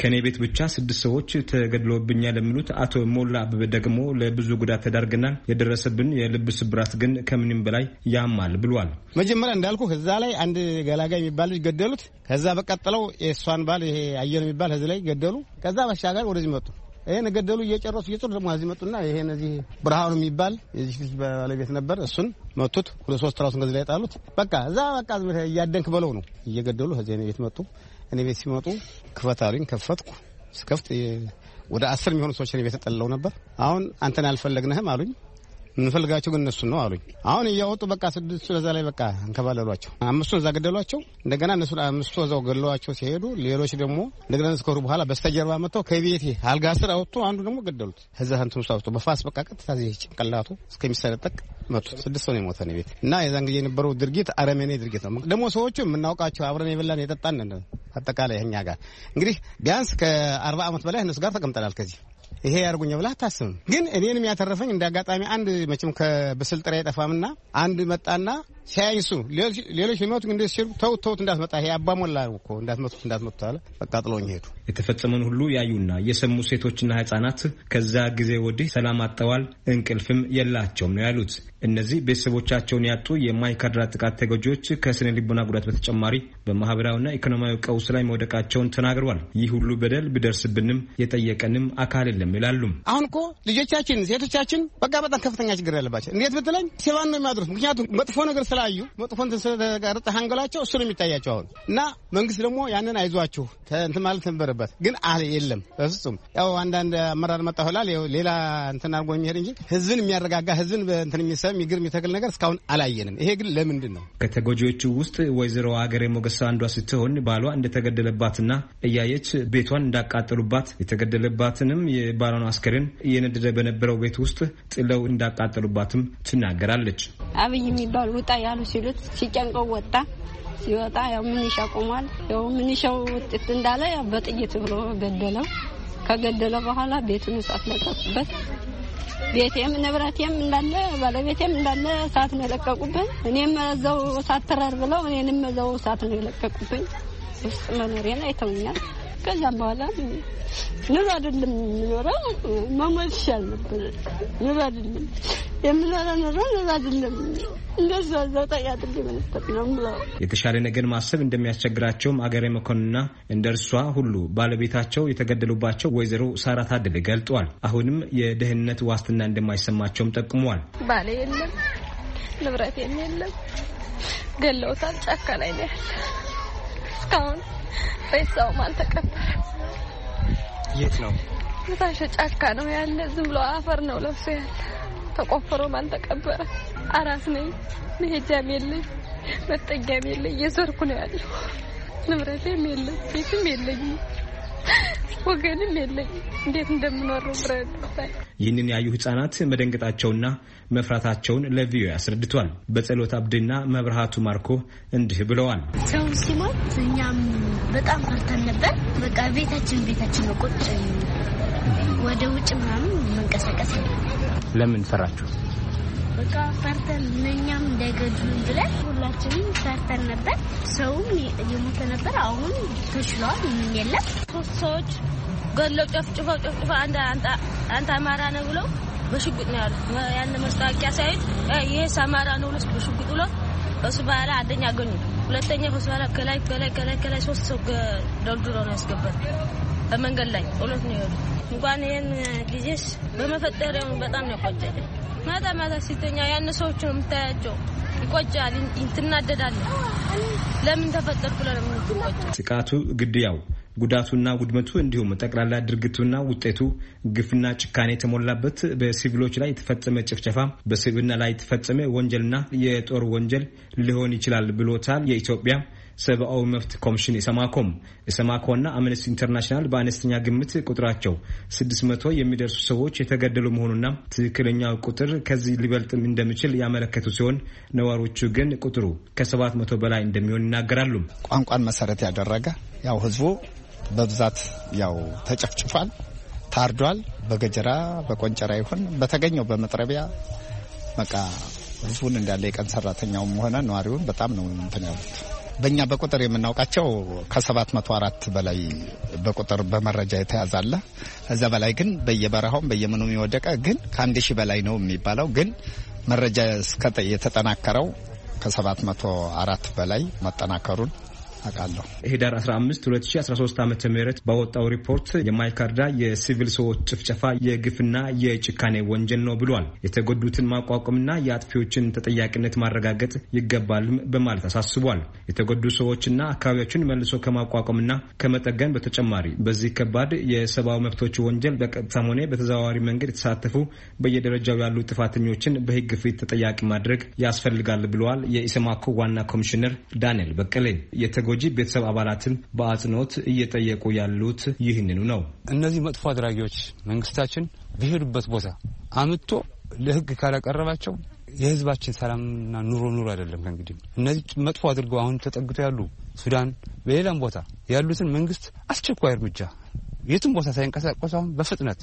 ከእኔ ቤት ብቻ ስድስት ሰዎች ተገድለውብኛል የሚሉት አቶ ሞላ አበበ ደግሞ ለብዙ ጉዳት ተዳርገና የደረሰብን የልብ ስብራት ግን ከምንም በላይ ያማል ብሏል። መጀመሪያ እንዳልኩ ከዛ ላይ አንድ ገላጋ የሚባል ልጅ ገደሉት። ከዛ በቀጥለው የእሷን ባል ይሄ አየር የሚባል ህዝብ ላይ ገደሉ። ከዛ በሻጋር ወደዚህ መጡ። ይህን ገደሉ እየጨረሱ እየጨሩ ደግሞ እዚህ መጡና ይሄ እነዚህ ብርሃኑ የሚባል የዚህ ፊት ባለቤት ነበር። እሱን መቱት። ሁለት ሶስት ራሱን ከዚህ ላይ ጣሉት። በቃ እዛ በቃ እያደንክ በለው ነው እየገደሉ ከዚህ ቤት መጡ። እኔ ቤት ሲመጡ ክፈታሪን ከፈትኩ። ስከፍት ወደ አስር የሚሆኑ ሰዎች እኔ ቤት ተጠልለው ነበር። አሁን አንተን አልፈለግንህም አሉኝ። የምንፈልጋቸው ግን እነሱን ነው አሉኝ። አሁን እያወጡ በቃ ስድስቱ ለዛ ላይ በቃ እንከባለሏቸው። አምስቱን እዛ ገደሏቸው። እንደገና እነሱ አምስቱ እዛው ገለዋቸው ሲሄዱ ሌሎች ደግሞ እንደገና ስከሩ በኋላ በስተጀርባ መጥተው ከቤቴ አልጋ ስር አወጡ። አንዱ ደግሞ ገደሉት። እዛ እንትን ውስጥ አወጡ በፋስ በቃ ቀጥታ ጭንቅላቱ እስከሚሰነጠቅ መቱት። ስድስት ሰው ነው የሞተ ቤት እና የዛን ጊዜ የነበረው ድርጊት አረመኔ ድርጊት ነው። ደግሞ ሰዎቹ የምናውቃቸው አብረን የበላን የጠጣን አጠቃላይ እኛ ጋር እንግዲህ ቢያንስ ከአርባ ዓመት በላይ እነሱ ጋር ተቀምጠናል። ከዚህ ይሄ ያርጉኝ ብላ አታስብም። ግን እኔንም ያተረፈኝ እንደ አጋጣሚ አንድ መቼም ከብስል ጥሬ አይጠፋምና አንድ መጣና ሲያይሱ ሌሎች ሊመቱ እንደ ሲሉ ተውት ተውት እንዳትመጣ ይሄ ነው እኮ እንዳትመቱት እንዳትመቱት አለ። በቃ ጥሎኝ ሄዱ። የተፈጸመን ሁሉ ያዩና የሰሙ ሴቶችና ህጻናት ከዛ ጊዜ ወዲህ ሰላም አጠዋል እንቅልፍም የላቸውም ነው ያሉት። እነዚህ ቤተሰቦቻቸውን ያጡ የማይካድራ ጥቃት ተጎጂዎች ከስነ ልቦና ጉዳት በተጨማሪ በማህበራዊና ኢኮኖሚያዊ ቀውስ ላይ መውደቃቸውን ተናግረዋል። ይህ ሁሉ በደል ቢደርስብንም የጠየቀንም አካል የለም ይላሉ። አሁን እኮ ልጆቻችን ሴቶቻችን በቃ በጣም ከፍተኛ ችግር ያለባቸው እንዴት ብትለኝ ሲባን ነው የሚያድሩት። ምክንያቱም መጥፎ ነገር ስላዩ መጥፎ እንትን ስለተጋረጠ አንገላቸው እሱ ነው የሚታያቸው አሁን እና መንግስት ደግሞ ያንን አይዟችሁ እንትን ማለት ነበረበት፣ ግን አለ የለም በፍጹም ያው አንዳንድ አመራር መጣ ሆላል ሌላ እንትን አድርጎ የሚሄድ እንጂ ህዝብን የሚያረጋጋ ህዝብን እንትን የሚሰብ የሚግር የሚተክል ነገር እስካሁን አላየንም። ይሄ ግን ለምንድን ነው? ከተጎጂዎቹ ውስጥ ወይዘሮ አገሬ ሞገሳ አንዷ ስትሆን ባሏ እንደተገደለባትና እያየች ቤቷን እንዳቃጠሉባት የተገደለባትንም የባሏን አስከሬን እየነደደ በነበረው ቤት ውስጥ ጥለው እንዳቃጠሉባትም ትናገራለች። አብይ የሚባል ውጣ ያሉ ሲሉት ሲጨንቀው ወጣ። ሲወጣ ያው ምንሻ ቆሟል። ያው ምንሻው ውጤት እንዳለ ያው በጥይት ብሎ ገደለው። ከገደለ በኋላ ቤቱን እሳት ለቀቁበት። ቤቴም ንብረቴም እንዳለ ባለቤቴም እንዳለ እሳት ነው የለቀቁብን። እኔም እዛው እሳት ተራር ብለው እኔንም እዛው እሳት ነው የለቀቁብኝ። ውስጥ መኖሬን አይተውኛል። ከዛም በኋላ ኑሮ አይደለም የምኖረው፣ መሞት ይሻል ነበር። ኑሮ አይደለም የምኖረው፣ ኑሮ ኑሮ አይደለም። እንደዛ እዛው ጠያጥል መነጠቅ ነው ምለው። የተሻለ ነገር ማሰብ እንደሚያስቸግራቸውም አገሬ መኮንንና እንደ እርሷ ሁሉ ባለቤታቸው የተገደሉባቸው ወይዘሮ ሳራ ታደለ ገልጧል። አሁንም የደህንነት ዋስትና እንደማይሰማቸውም ጠቁመዋል። ባሌ የለም፣ ንብረቴም የለም፣ ገለውታል። ጫካ ላይ ነው ያለ እስካሁን በሰውም አልተቀበረም። የት ነው? ታሸ ጫካ ነው ያለ። ዝም ብሎ አፈር ነው ለብሶ ያለ። ተቆፍሮም አልተቀበረም። አራስ ነኝ፣ መሄጃም የለኝ፣ መጠጊያም የለኝ። እየዞርኩ ነው ያለው። ንብረቴም የለም፣ ቤትም የለኝም። ወገንም የለኝ እንዴት ብረት ይህንን ያዩ ህጻናት መደንገጣቸውና መፍራታቸውን ለቪዮ አስረድቷል። በጸሎት አብድና መብርሃቱ ማርኮ እንዲህ ብለዋል። ሰው ሲሞት እኛም በጣም ፈርተን ነበር። በቃ ቤታችን ቤታችን ነው ቁጭ ወደ ውጭ ምናምን መንቀሳቀስ። ለምን ፈራችሁ? በቃ ፈርተን እነኛም እንዳይገድሉን ብለን ሁላችንም ፈርተን ነበር። ሰውም የሞተ ነበር። አሁን ተሽሏል። ምን የለም። ሶስት ሰዎች ገድለው ጨፍጭፈው ጨፍጭፈው አንተ አማራ ነው ብለው በሽጉጥ ነው ያሉት። ያን መስታወቂያ ሳይት ይሄ አማራ ነው ብሎ በሽጉጥ ብሎ እሱ በኋላ አንደኛ አገኙ፣ ሁለተኛ ከሱ በኋላ ከላይ ከላይ ከላይ ከላይ ሶስት ሰው ደልድሎ ነው ያስገባል። በመንገድ ላይ ጥሎት ነው የሄዱት። እንኳን ይህን ጊዜስ በመፈጠሪያው በጣም ነው የቆጨኝ። ማታ ማታ ሲተኛ ያን ሰዎች ነው የምታያቸው። ይቆጫል፣ ትናደዳለ። ለምን ተፈጠር ብለ ነው ጥቃቱ፣ ግድያው፣ ጉዳቱና ውድመቱ እንዲሁም ጠቅላላ ድርጊቱና ውጤቱ ግፍና ጭካኔ የተሞላበት በሲቪሎች ላይ የተፈጸመ ጭፍጨፋ፣ በስብና ላይ የተፈጸመ ወንጀልና የጦር ወንጀል ሊሆን ይችላል ብሎታል የኢትዮጵያ ሰብአዊ መብት ኮሚሽን ኢሰማኮም ኢሰማኮና አምነስቲ ኢንተርናሽናል በአነስተኛ ግምት ቁጥራቸው 600 የሚደርሱ ሰዎች የተገደሉ መሆኑና ትክክለኛው ቁጥር ከዚህ ሊበልጥም እንደሚችል ያመለከቱ ሲሆን ነዋሪዎቹ ግን ቁጥሩ ከ700 በላይ እንደሚሆን ይናገራሉ። ቋንቋን መሰረት ያደረገ ያው ህዝቡ በብዛት ያው ተጨፍጭፏል፣ ታርዷል። በገጀራ በቆንጨራ ይሁን በተገኘው በመጥረቢያ በቃ ህዝቡን እንዳለ የቀን ሰራተኛውም ሆነ ነዋሪውን በጣም ነው እንትን ያሉት። በእኛ በቁጥር የምናውቃቸው ከ አራት በላይ በቁጥር በመረጃ የተያዘ አለ። ከዛ በላይ ግን በየበረሃውም በየምኑ የወደቀ ግን ከአንድ ሺህ በላይ ነው የሚባለው ግን መረጃ የተጠናከረው ከ አራት በላይ መጠናከሩን አውቃለሁ። ህዳር 15 2013 ዓ ም ባወጣው ሪፖርት የማይካርዳ የሲቪል ሰዎች ጭፍጨፋ የግፍና የጭካኔ ወንጀል ነው ብሏል። የተጎዱትን ማቋቋምና የአጥፊዎችን ተጠያቂነት ማረጋገጥ ይገባልም በማለት አሳስቧል። የተጎዱ ሰዎችና አካባቢዎችን መልሶ ከማቋቋምና ከመጠገን በተጨማሪ በዚህ ከባድ የሰብአዊ መብቶች ወንጀል በቀጥታም ሆነ በተዘዋዋሪ መንገድ የተሳተፉ በየደረጃው ያሉ ጥፋተኞችን በህግ ፊት ተጠያቂ ማድረግ ያስፈልጋል ብለዋል። የኢሰማኮ ዋና ኮሚሽነር ዳንኤል በቀሌ የተጎጂ ቤተሰብ አባላትን በአጽንኦት እየጠየቁ ያሉት ይህንኑ ነው። እነዚህ መጥፎ አድራጊዎች መንግስታችን በሄዱበት ቦታ አምጥቶ ለህግ ካላቀረባቸው የህዝባችን ሰላምና ኑሮ ኑሮ አይደለም። ከእንግዲህ እነዚህ መጥፎ አድርገው አሁን ተጠግቶ ያሉ ሱዳን፣ በሌላም ቦታ ያሉትን መንግስት አስቸኳይ እርምጃ የትም ቦታ ሳይንቀሳቀሱ አሁን በፍጥነት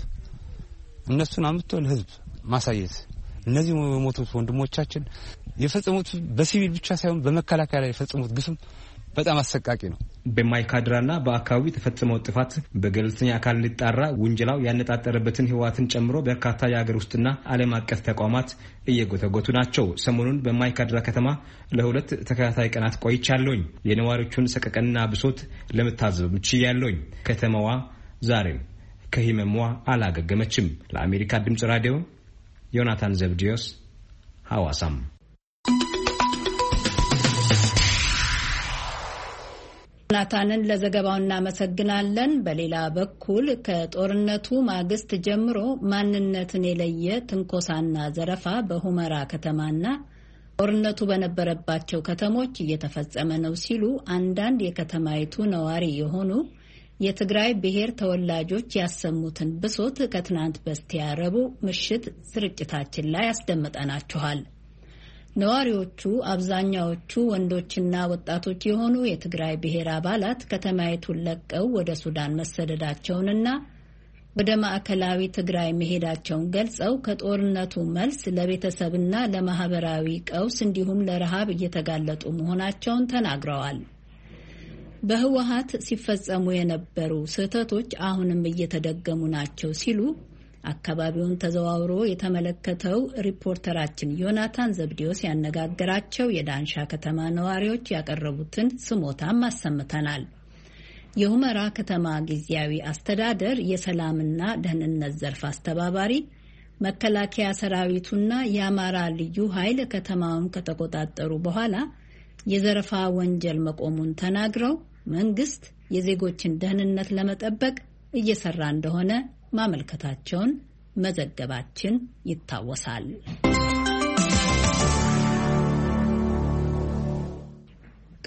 እነሱን አምጥቶ ለህዝብ ማሳየት እነዚህ የሞቱት ወንድሞቻችን የፈጸሙት በሲቪል ብቻ ሳይሆን በመከላከያ ላይ የፈጸሙት ግፍም በጣም አሰቃቂ ነው። በማይካድራና በአካባቢው የተፈጸመው ጥፋት በገለልተኛ አካል ሊጣራ ውንጀላው ያነጣጠረበትን ህወሓትን ጨምሮ በርካታ የሀገር ውስጥና ዓለም አቀፍ ተቋማት እየጎተጎቱ ናቸው። ሰሞኑን በማይካድራ ከተማ ለሁለት ተከታታይ ቀናት ቆይቻለሁኝ። የነዋሪዎቹን ሰቀቀንና ብሶት ለመታዘብ ችያለሁኝ። ከተማዋ ዛሬም ከህመሟ አላገገመችም። ለአሜሪካ ድምፅ ራዲዮ ዮናታን ዘብዲዮስ ሐዋሳም ናታንን ለዘገባው እናመሰግናለን። በሌላ በኩል ከጦርነቱ ማግስት ጀምሮ ማንነትን የለየ ትንኮሳና ዘረፋ በሁመራ ከተማና ጦርነቱ በነበረባቸው ከተሞች እየተፈጸመ ነው ሲሉ አንዳንድ የከተማይቱ ነዋሪ የሆኑ የትግራይ ብሔር ተወላጆች ያሰሙትን ብሶት ከትናንት በስቲያ ረቡዕ ምሽት ስርጭታችን ላይ አስደምጠናችኋል። ነዋሪዎቹ አብዛኛዎቹ ወንዶችና ወጣቶች የሆኑ የትግራይ ብሔር አባላት ከተማይቱን ለቀው ወደ ሱዳን መሰደዳቸውንና ወደ ማዕከላዊ ትግራይ መሄዳቸውን ገልጸው ከጦርነቱ መልስ ለቤተሰብና ለማህበራዊ ቀውስ እንዲሁም ለረሃብ እየተጋለጡ መሆናቸውን ተናግረዋል። በህወሀት ሲፈጸሙ የነበሩ ስህተቶች አሁንም እየተደገሙ ናቸው ሲሉ አካባቢውን ተዘዋውሮ የተመለከተው ሪፖርተራችን ዮናታን ዘብዲዮስ ያነጋገራቸው የዳንሻ ከተማ ነዋሪዎች ያቀረቡትን ስሞታም አሰምተናል። የሁመራ ከተማ ጊዜያዊ አስተዳደር የሰላምና ደህንነት ዘርፍ አስተባባሪ መከላከያ ሰራዊቱና የአማራ ልዩ ኃይል ከተማውን ከተቆጣጠሩ በኋላ የዘረፋ ወንጀል መቆሙን ተናግረው መንግስት የዜጎችን ደህንነት ለመጠበቅ እየሰራ እንደሆነ ማመልከታቸውን መዘገባችን ይታወሳል።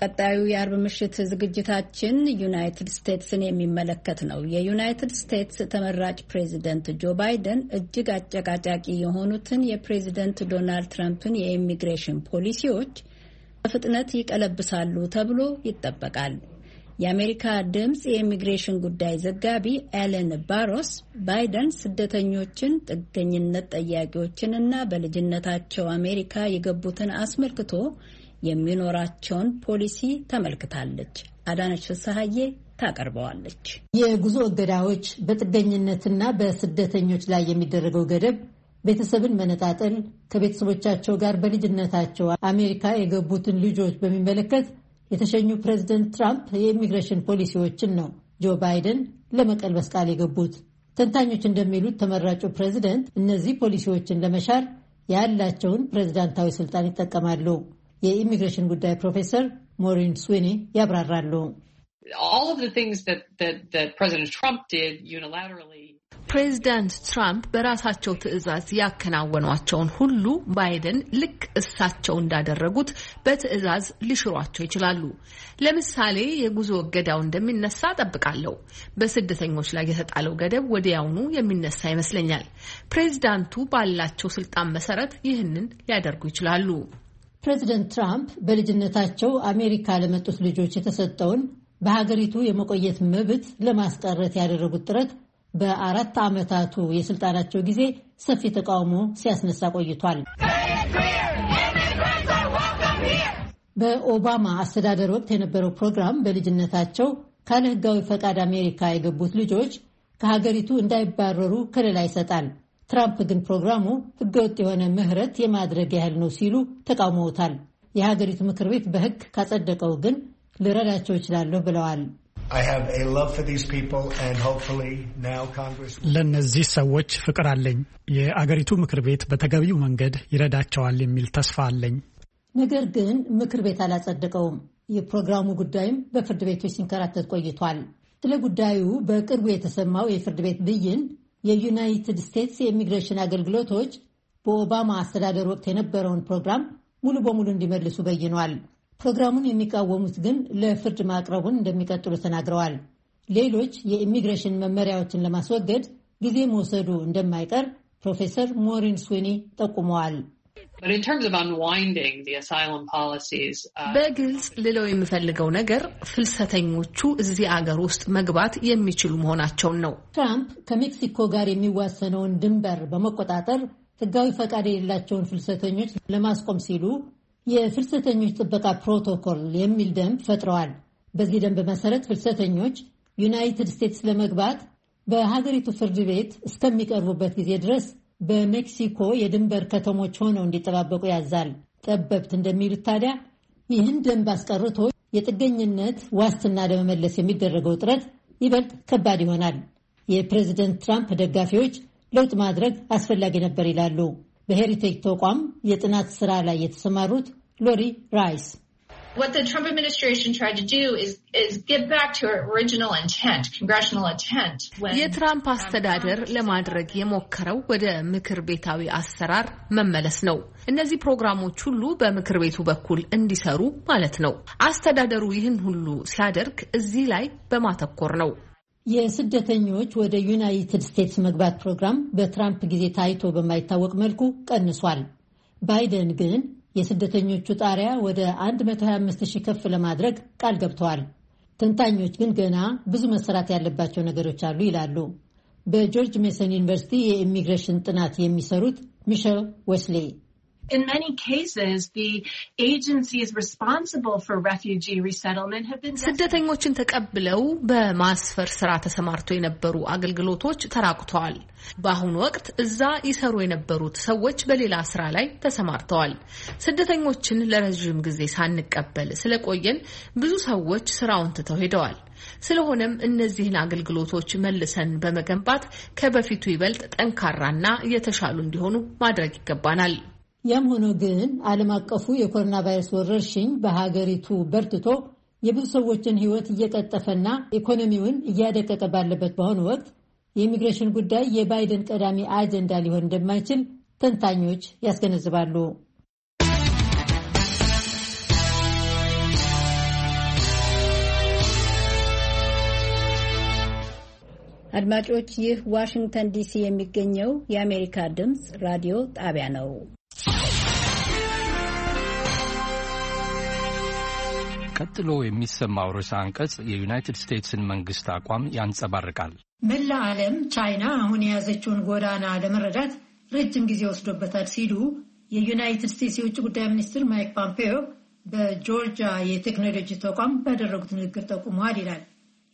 ቀጣዩ የአርብ ምሽት ዝግጅታችን ዩናይትድ ስቴትስን የሚመለከት ነው። የዩናይትድ ስቴትስ ተመራጭ ፕሬዚደንት ጆ ባይደን እጅግ አጨቃጫቂ የሆኑትን የፕሬዚደንት ዶናልድ ትራምፕን የኢሚግሬሽን ፖሊሲዎች በፍጥነት ይቀለብሳሉ ተብሎ ይጠበቃል። የአሜሪካ ድምፅ የኢሚግሬሽን ጉዳይ ዘጋቢ ኤለን ባሮስ ባይደን ስደተኞችን፣ ጥገኝነት ጠያቂዎችን እና በልጅነታቸው አሜሪካ የገቡትን አስመልክቶ የሚኖራቸውን ፖሊሲ ተመልክታለች። አዳነች ፍስሐዬ ታቀርበዋለች። የጉዞ እገዳዎች፣ በጥገኝነትና በስደተኞች ላይ የሚደረገው ገደብ፣ ቤተሰብን መነጣጠል፣ ከቤተሰቦቻቸው ጋር በልጅነታቸው አሜሪካ የገቡትን ልጆች በሚመለከት የተሸኙ ፕሬዚደንት ትራምፕ የኢሚግሬሽን ፖሊሲዎችን ነው ጆ ባይደን ለመቀልበስ ቃል የገቡት። ተንታኞች እንደሚሉት ተመራጩ ፕሬዚደንት እነዚህ ፖሊሲዎችን ለመሻር ያላቸውን ፕሬዚዳንታዊ ስልጣን ይጠቀማሉ። የኢሚግሬሽን ጉዳይ ፕሮፌሰር ሞሪን ስዊኒ ያብራራሉ። ፕሬዚዳንት ትራምፕ በራሳቸው ትዕዛዝ ያከናወኗቸውን ሁሉ ባይደን ልክ እሳቸው እንዳደረጉት በትዕዛዝ ሊሽሯቸው ይችላሉ። ለምሳሌ የጉዞ እገዳው እንደሚነሳ ጠብቃለሁ። በስደተኞች ላይ የተጣለው ገደብ ወዲያውኑ የሚነሳ ይመስለኛል። ፕሬዚዳንቱ ባላቸው ስልጣን መሰረት ይህንን ሊያደርጉ ይችላሉ። ፕሬዚደንት ትራምፕ በልጅነታቸው አሜሪካ ለመጡት ልጆች የተሰጠውን በሀገሪቱ የመቆየት መብት ለማስቀረት ያደረጉት ጥረት በአራት ዓመታቱ የስልጣናቸው ጊዜ ሰፊ ተቃውሞ ሲያስነሳ ቆይቷል። በኦባማ አስተዳደር ወቅት የነበረው ፕሮግራም በልጅነታቸው ካለ ሕጋዊ ፈቃድ አሜሪካ የገቡት ልጆች ከሀገሪቱ እንዳይባረሩ ከለላ ይሰጣል። ትራምፕ ግን ፕሮግራሙ ሕገወጥ የሆነ ምህረት የማድረግ ያህል ነው ሲሉ ተቃውመውታል። የሀገሪቱ ምክር ቤት በሕግ ካጸደቀው ግን ልረዳቸው ይችላለሁ ብለዋል። ለእነዚህ ሰዎች ፍቅር አለኝ። የአገሪቱ ምክር ቤት በተገቢው መንገድ ይረዳቸዋል የሚል ተስፋ አለኝ። ነገር ግን ምክር ቤት አላጸደቀውም። የፕሮግራሙ ጉዳይም በፍርድ ቤቶች ሲንከራተት ቆይቷል። ስለ ጉዳዩ በቅርቡ የተሰማው የፍርድ ቤት ብይን የዩናይትድ ስቴትስ የኢሚግሬሽን አገልግሎቶች በኦባማ አስተዳደር ወቅት የነበረውን ፕሮግራም ሙሉ በሙሉ እንዲመልሱ በይኗል። ፕሮግራሙን የሚቃወሙት ግን ለፍርድ ማቅረቡን እንደሚቀጥሉ ተናግረዋል። ሌሎች የኢሚግሬሽን መመሪያዎችን ለማስወገድ ጊዜ መውሰዱ እንደማይቀር ፕሮፌሰር ሞሪን ስዊኒ ጠቁመዋል። uh, በግልጽ ልለው የምፈልገው ነገር ፍልሰተኞቹ እዚህ አገር ውስጥ መግባት የሚችሉ መሆናቸውን ነው። ትራምፕ ከሜክሲኮ ጋር የሚዋሰነውን ድንበር በመቆጣጠር ሕጋዊ ፈቃድ የሌላቸውን ፍልሰተኞች ለማስቆም ሲሉ የፍልሰተኞች ጥበቃ ፕሮቶኮል የሚል ደንብ ፈጥረዋል። በዚህ ደንብ መሰረት ፍልሰተኞች ዩናይትድ ስቴትስ ለመግባት በሀገሪቱ ፍርድ ቤት እስከሚቀርቡበት ጊዜ ድረስ በሜክሲኮ የድንበር ከተሞች ሆነው እንዲጠባበቁ ያዛል። ጠበብት እንደሚሉት ታዲያ ይህን ደንብ አስቀርቶ የጥገኝነት ዋስትና ለመመለስ የሚደረገው ጥረት ይበልጥ ከባድ ይሆናል። የፕሬዚደንት ትራምፕ ደጋፊዎች ለውጥ ማድረግ አስፈላጊ ነበር ይላሉ። በሄሪቴጅ ተቋም የጥናት ስራ ላይ የተሰማሩት ሎሪ ራይስ የትራምፕ አስተዳደር ለማድረግ የሞከረው ወደ ምክር ቤታዊ አሰራር መመለስ ነው። እነዚህ ፕሮግራሞች ሁሉ በምክር ቤቱ በኩል እንዲሰሩ ማለት ነው። አስተዳደሩ ይህን ሁሉ ሲያደርግ እዚህ ላይ በማተኮር ነው። የስደተኞች ወደ ዩናይትድ ስቴትስ መግባት ፕሮግራም በትራምፕ ጊዜ ታይቶ በማይታወቅ መልኩ ቀንሷል። ባይደን ግን የስደተኞቹ ጣሪያ ወደ 125 ሺህ ከፍ ለማድረግ ቃል ገብተዋል። ተንታኞች ግን ገና ብዙ መሰራት ያለባቸው ነገሮች አሉ ይላሉ። በጆርጅ ሜሰን ዩኒቨርሲቲ የኢሚግሬሽን ጥናት የሚሰሩት ሚሸል ወስሌ in many cases, the agencies responsible for refugee resettlement have been ስደተኞችን ተቀብለው በማስፈር ስራ ተሰማርተው የነበሩ አገልግሎቶች ተራቁተዋል። በአሁኑ ወቅት እዛ ይሰሩ የነበሩት ሰዎች በሌላ ስራ ላይ ተሰማርተዋል። ስደተኞችን ለረዥም ጊዜ ሳንቀበል ስለቆየን ብዙ ሰዎች ስራውን ትተው ሄደዋል። ስለሆነም እነዚህን አገልግሎቶች መልሰን በመገንባት ከበፊቱ ይበልጥ ጠንካራና የተሻሉ እንዲሆኑ ማድረግ ይገባናል። ያም ሆኖ ግን ዓለም አቀፉ የኮሮና ቫይረስ ወረርሽኝ በሀገሪቱ በርትቶ የብዙ ሰዎችን ሕይወት እየቀጠፈና ኢኮኖሚውን እያደቀቀ ባለበት በአሁኑ ወቅት የኢሚግሬሽን ጉዳይ የባይደን ቀዳሚ አጀንዳ ሊሆን እንደማይችል ተንታኞች ያስገነዝባሉ። አድማጮች፣ ይህ ዋሽንግተን ዲሲ የሚገኘው የአሜሪካ ድምፅ ራዲዮ ጣቢያ ነው። ቀጥሎ የሚሰማው ርዕሰ አንቀጽ የዩናይትድ ስቴትስን መንግስት አቋም ያንጸባርቃል። መላ ዓለም ቻይና አሁን የያዘችውን ጎዳና ለመረዳት ረጅም ጊዜ ወስዶበታል ሲሉ የዩናይትድ ስቴትስ የውጭ ጉዳይ ሚኒስትር ማይክ ፖምፔዮ በጆርጂያ የቴክኖሎጂ ተቋም ባደረጉት ንግግር ጠቁመዋል ይላል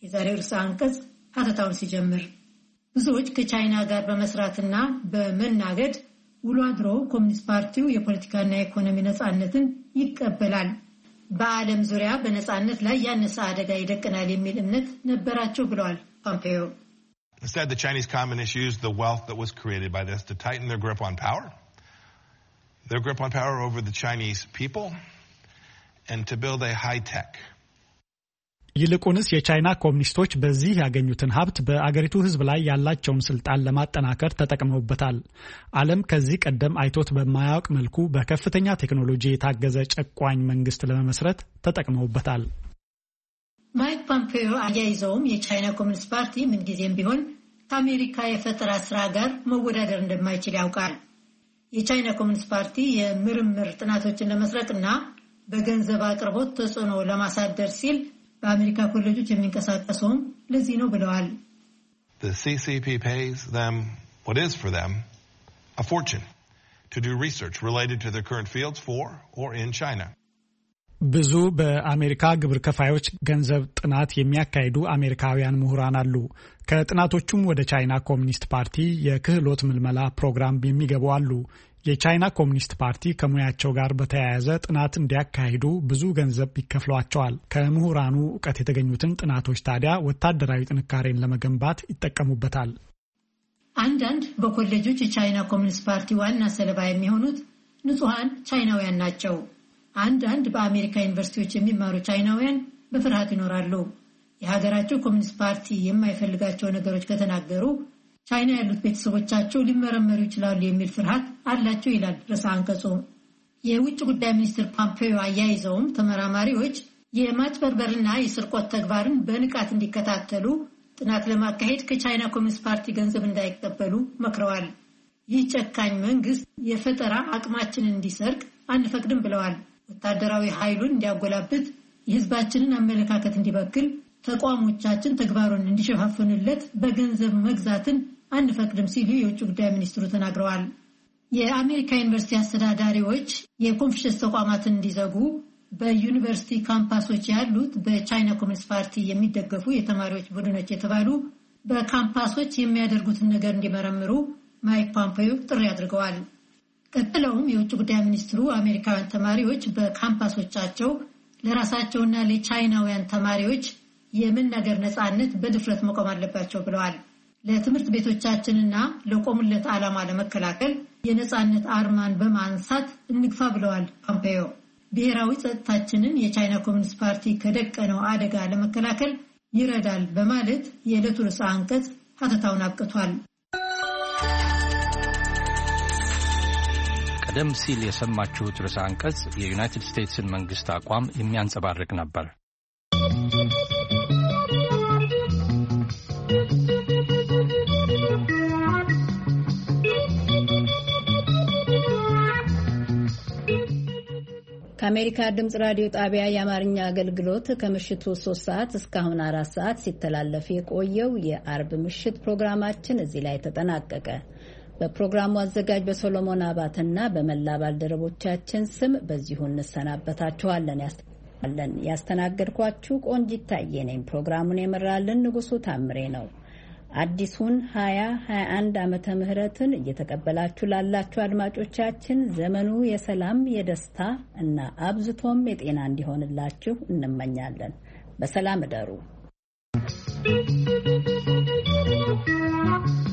የዛሬው ርዕሰ አንቀጽ ሀተታውን ሲጀምር ብዙዎች ከቻይና ጋር በመስራትና በመናገድ ውሎ አድሮ ኮሚኒስት ፓርቲው የፖለቲካና የኢኮኖሚ ነፃነትን ይቀበላል በዓለም ዙሪያ በነፃነት ላይ አደጋ ይደቅናል የሚል እምነት ነበራቸው ብለዋል ፖምፔዮ። Instead, the Chinese communists used the wealth that was created by this to tighten their grip on power, their grip on power over the Chinese people, and to build a high-tech, ይልቁንስ የቻይና ኮሚኒስቶች በዚህ ያገኙትን ሀብት በአገሪቱ ሕዝብ ላይ ያላቸውን ስልጣን ለማጠናከር ተጠቅመውበታል። ዓለም ከዚህ ቀደም አይቶት በማያውቅ መልኩ በከፍተኛ ቴክኖሎጂ የታገዘ ጨቋኝ መንግስት ለመመስረት ተጠቅመውበታል። ማይክ ፖምፔዮ አያይዘውም የቻይና ኮሚኒስት ፓርቲ ምንጊዜም ቢሆን ከአሜሪካ የፈጠራ ስራ ጋር መወዳደር እንደማይችል ያውቃል። የቻይና ኮሚኒስት ፓርቲ የምርምር ጥናቶችን ለመስረቅና በገንዘብ አቅርቦት ተጽዕኖ ለማሳደር ሲል በአሜሪካ ኮሌጆች የሚንቀሳቀሰውም ለዚህ ነው ብለዋል። ብዙ በአሜሪካ ግብር ከፋዮች ገንዘብ ጥናት የሚያካሂዱ አሜሪካውያን ምሁራን አሉ። ከጥናቶቹም ወደ ቻይና ኮሚኒስት ፓርቲ የክህሎት ምልመላ ፕሮግራም የሚገቡ አሉ። የቻይና ኮሚኒስት ፓርቲ ከሙያቸው ጋር በተያያዘ ጥናት እንዲያካሂዱ ብዙ ገንዘብ ይከፍሏቸዋል። ከምሁራኑ እውቀት የተገኙትን ጥናቶች ታዲያ ወታደራዊ ጥንካሬን ለመገንባት ይጠቀሙበታል። አንዳንድ በኮሌጆች የቻይና ኮሚኒስት ፓርቲ ዋና ሰለባ የሚሆኑት ንጹሐን ቻይናውያን ናቸው። አንዳንድ በአሜሪካ ዩኒቨርሲቲዎች የሚማሩ ቻይናውያን በፍርሃት ይኖራሉ። የሀገራቸው ኮሚኒስት ፓርቲ የማይፈልጋቸው ነገሮች ከተናገሩ ቻይና ያሉት ቤተሰቦቻቸው ሊመረመሩ ይችላሉ የሚል ፍርሃት አላቸው ይላል ርዕሰ አንቀጹ። የውጭ ጉዳይ ሚኒስትር ፓምፔዮ አያይዘውም ተመራማሪዎች የማጭበርበርና የስርቆት ተግባርን በንቃት እንዲከታተሉ ጥናት ለማካሄድ ከቻይና ኮሚኒስት ፓርቲ ገንዘብ እንዳይቀበሉ መክረዋል። ይህ ጨካኝ መንግስት የፈጠራ አቅማችንን እንዲሰርቅ አንፈቅድም ብለዋል። ወታደራዊ ኃይሉን እንዲያጎላብት፣ የህዝባችንን አመለካከት እንዲበክል፣ ተቋሞቻችን ተግባሩን እንዲሸፋፍኑለት በገንዘብ መግዛትን አንፈቅድም ሲሉ የውጭ ጉዳይ ሚኒስትሩ ተናግረዋል። የአሜሪካ ዩኒቨርሲቲ አስተዳዳሪዎች የኮንፊሽስ ተቋማትን እንዲዘጉ በዩኒቨርሲቲ ካምፓሶች ያሉት በቻይና ኮሚኒስት ፓርቲ የሚደገፉ የተማሪዎች ቡድኖች የተባሉ በካምፓሶች የሚያደርጉትን ነገር እንዲመረምሩ ማይክ ፖምፔዮ ጥሪ አድርገዋል። ቀጥለውም የውጭ ጉዳይ ሚኒስትሩ አሜሪካውያን ተማሪዎች በካምፓሶቻቸው ለራሳቸውና ለቻይናውያን ተማሪዎች የመናገር ነፃነት በድፍረት መቆም አለባቸው ብለዋል። ለትምህርት ቤቶቻችንና ለቆሙለት ዓላማ ለመከላከል የነፃነት አርማን በማንሳት እንግፋ ብለዋል ፖምፔዮ። ብሔራዊ ጸጥታችንን የቻይና ኮሚኒስት ፓርቲ ከደቀነው አደጋ ለመከላከል ይረዳል በማለት የዕለቱ ርዕሰ አንቀጽ ሀተታውን አብቅቷል። ቀደም ሲል የሰማችሁት ርዕሰ አንቀጽ የዩናይትድ ስቴትስን መንግስት አቋም የሚያንጸባርቅ ነበር። ከአሜሪካ ድምጽ ራዲዮ ጣቢያ የአማርኛ አገልግሎት ከምሽቱ 3 ሰዓት እስካሁን አራት ሰዓት ሲተላለፍ የቆየው የአርብ ምሽት ፕሮግራማችን እዚህ ላይ ተጠናቀቀ። በፕሮግራሙ አዘጋጅ በሶሎሞን አባትና በመላ ባልደረቦቻችን ስም በዚሁ እንሰናበታችኋለን። ያስተናገድኳችሁ ቆንጂት ታዬ ነኝ። ፕሮግራሙን የመራልን ንጉሱ ታምሬ ነው። አዲሱን 2021 ዓመተ ምህረትን እየተቀበላችሁ ላላችሁ አድማጮቻችን ዘመኑ የሰላም የደስታ እና አብዝቶም የጤና እንዲሆንላችሁ እንመኛለን። በሰላም እደሩ።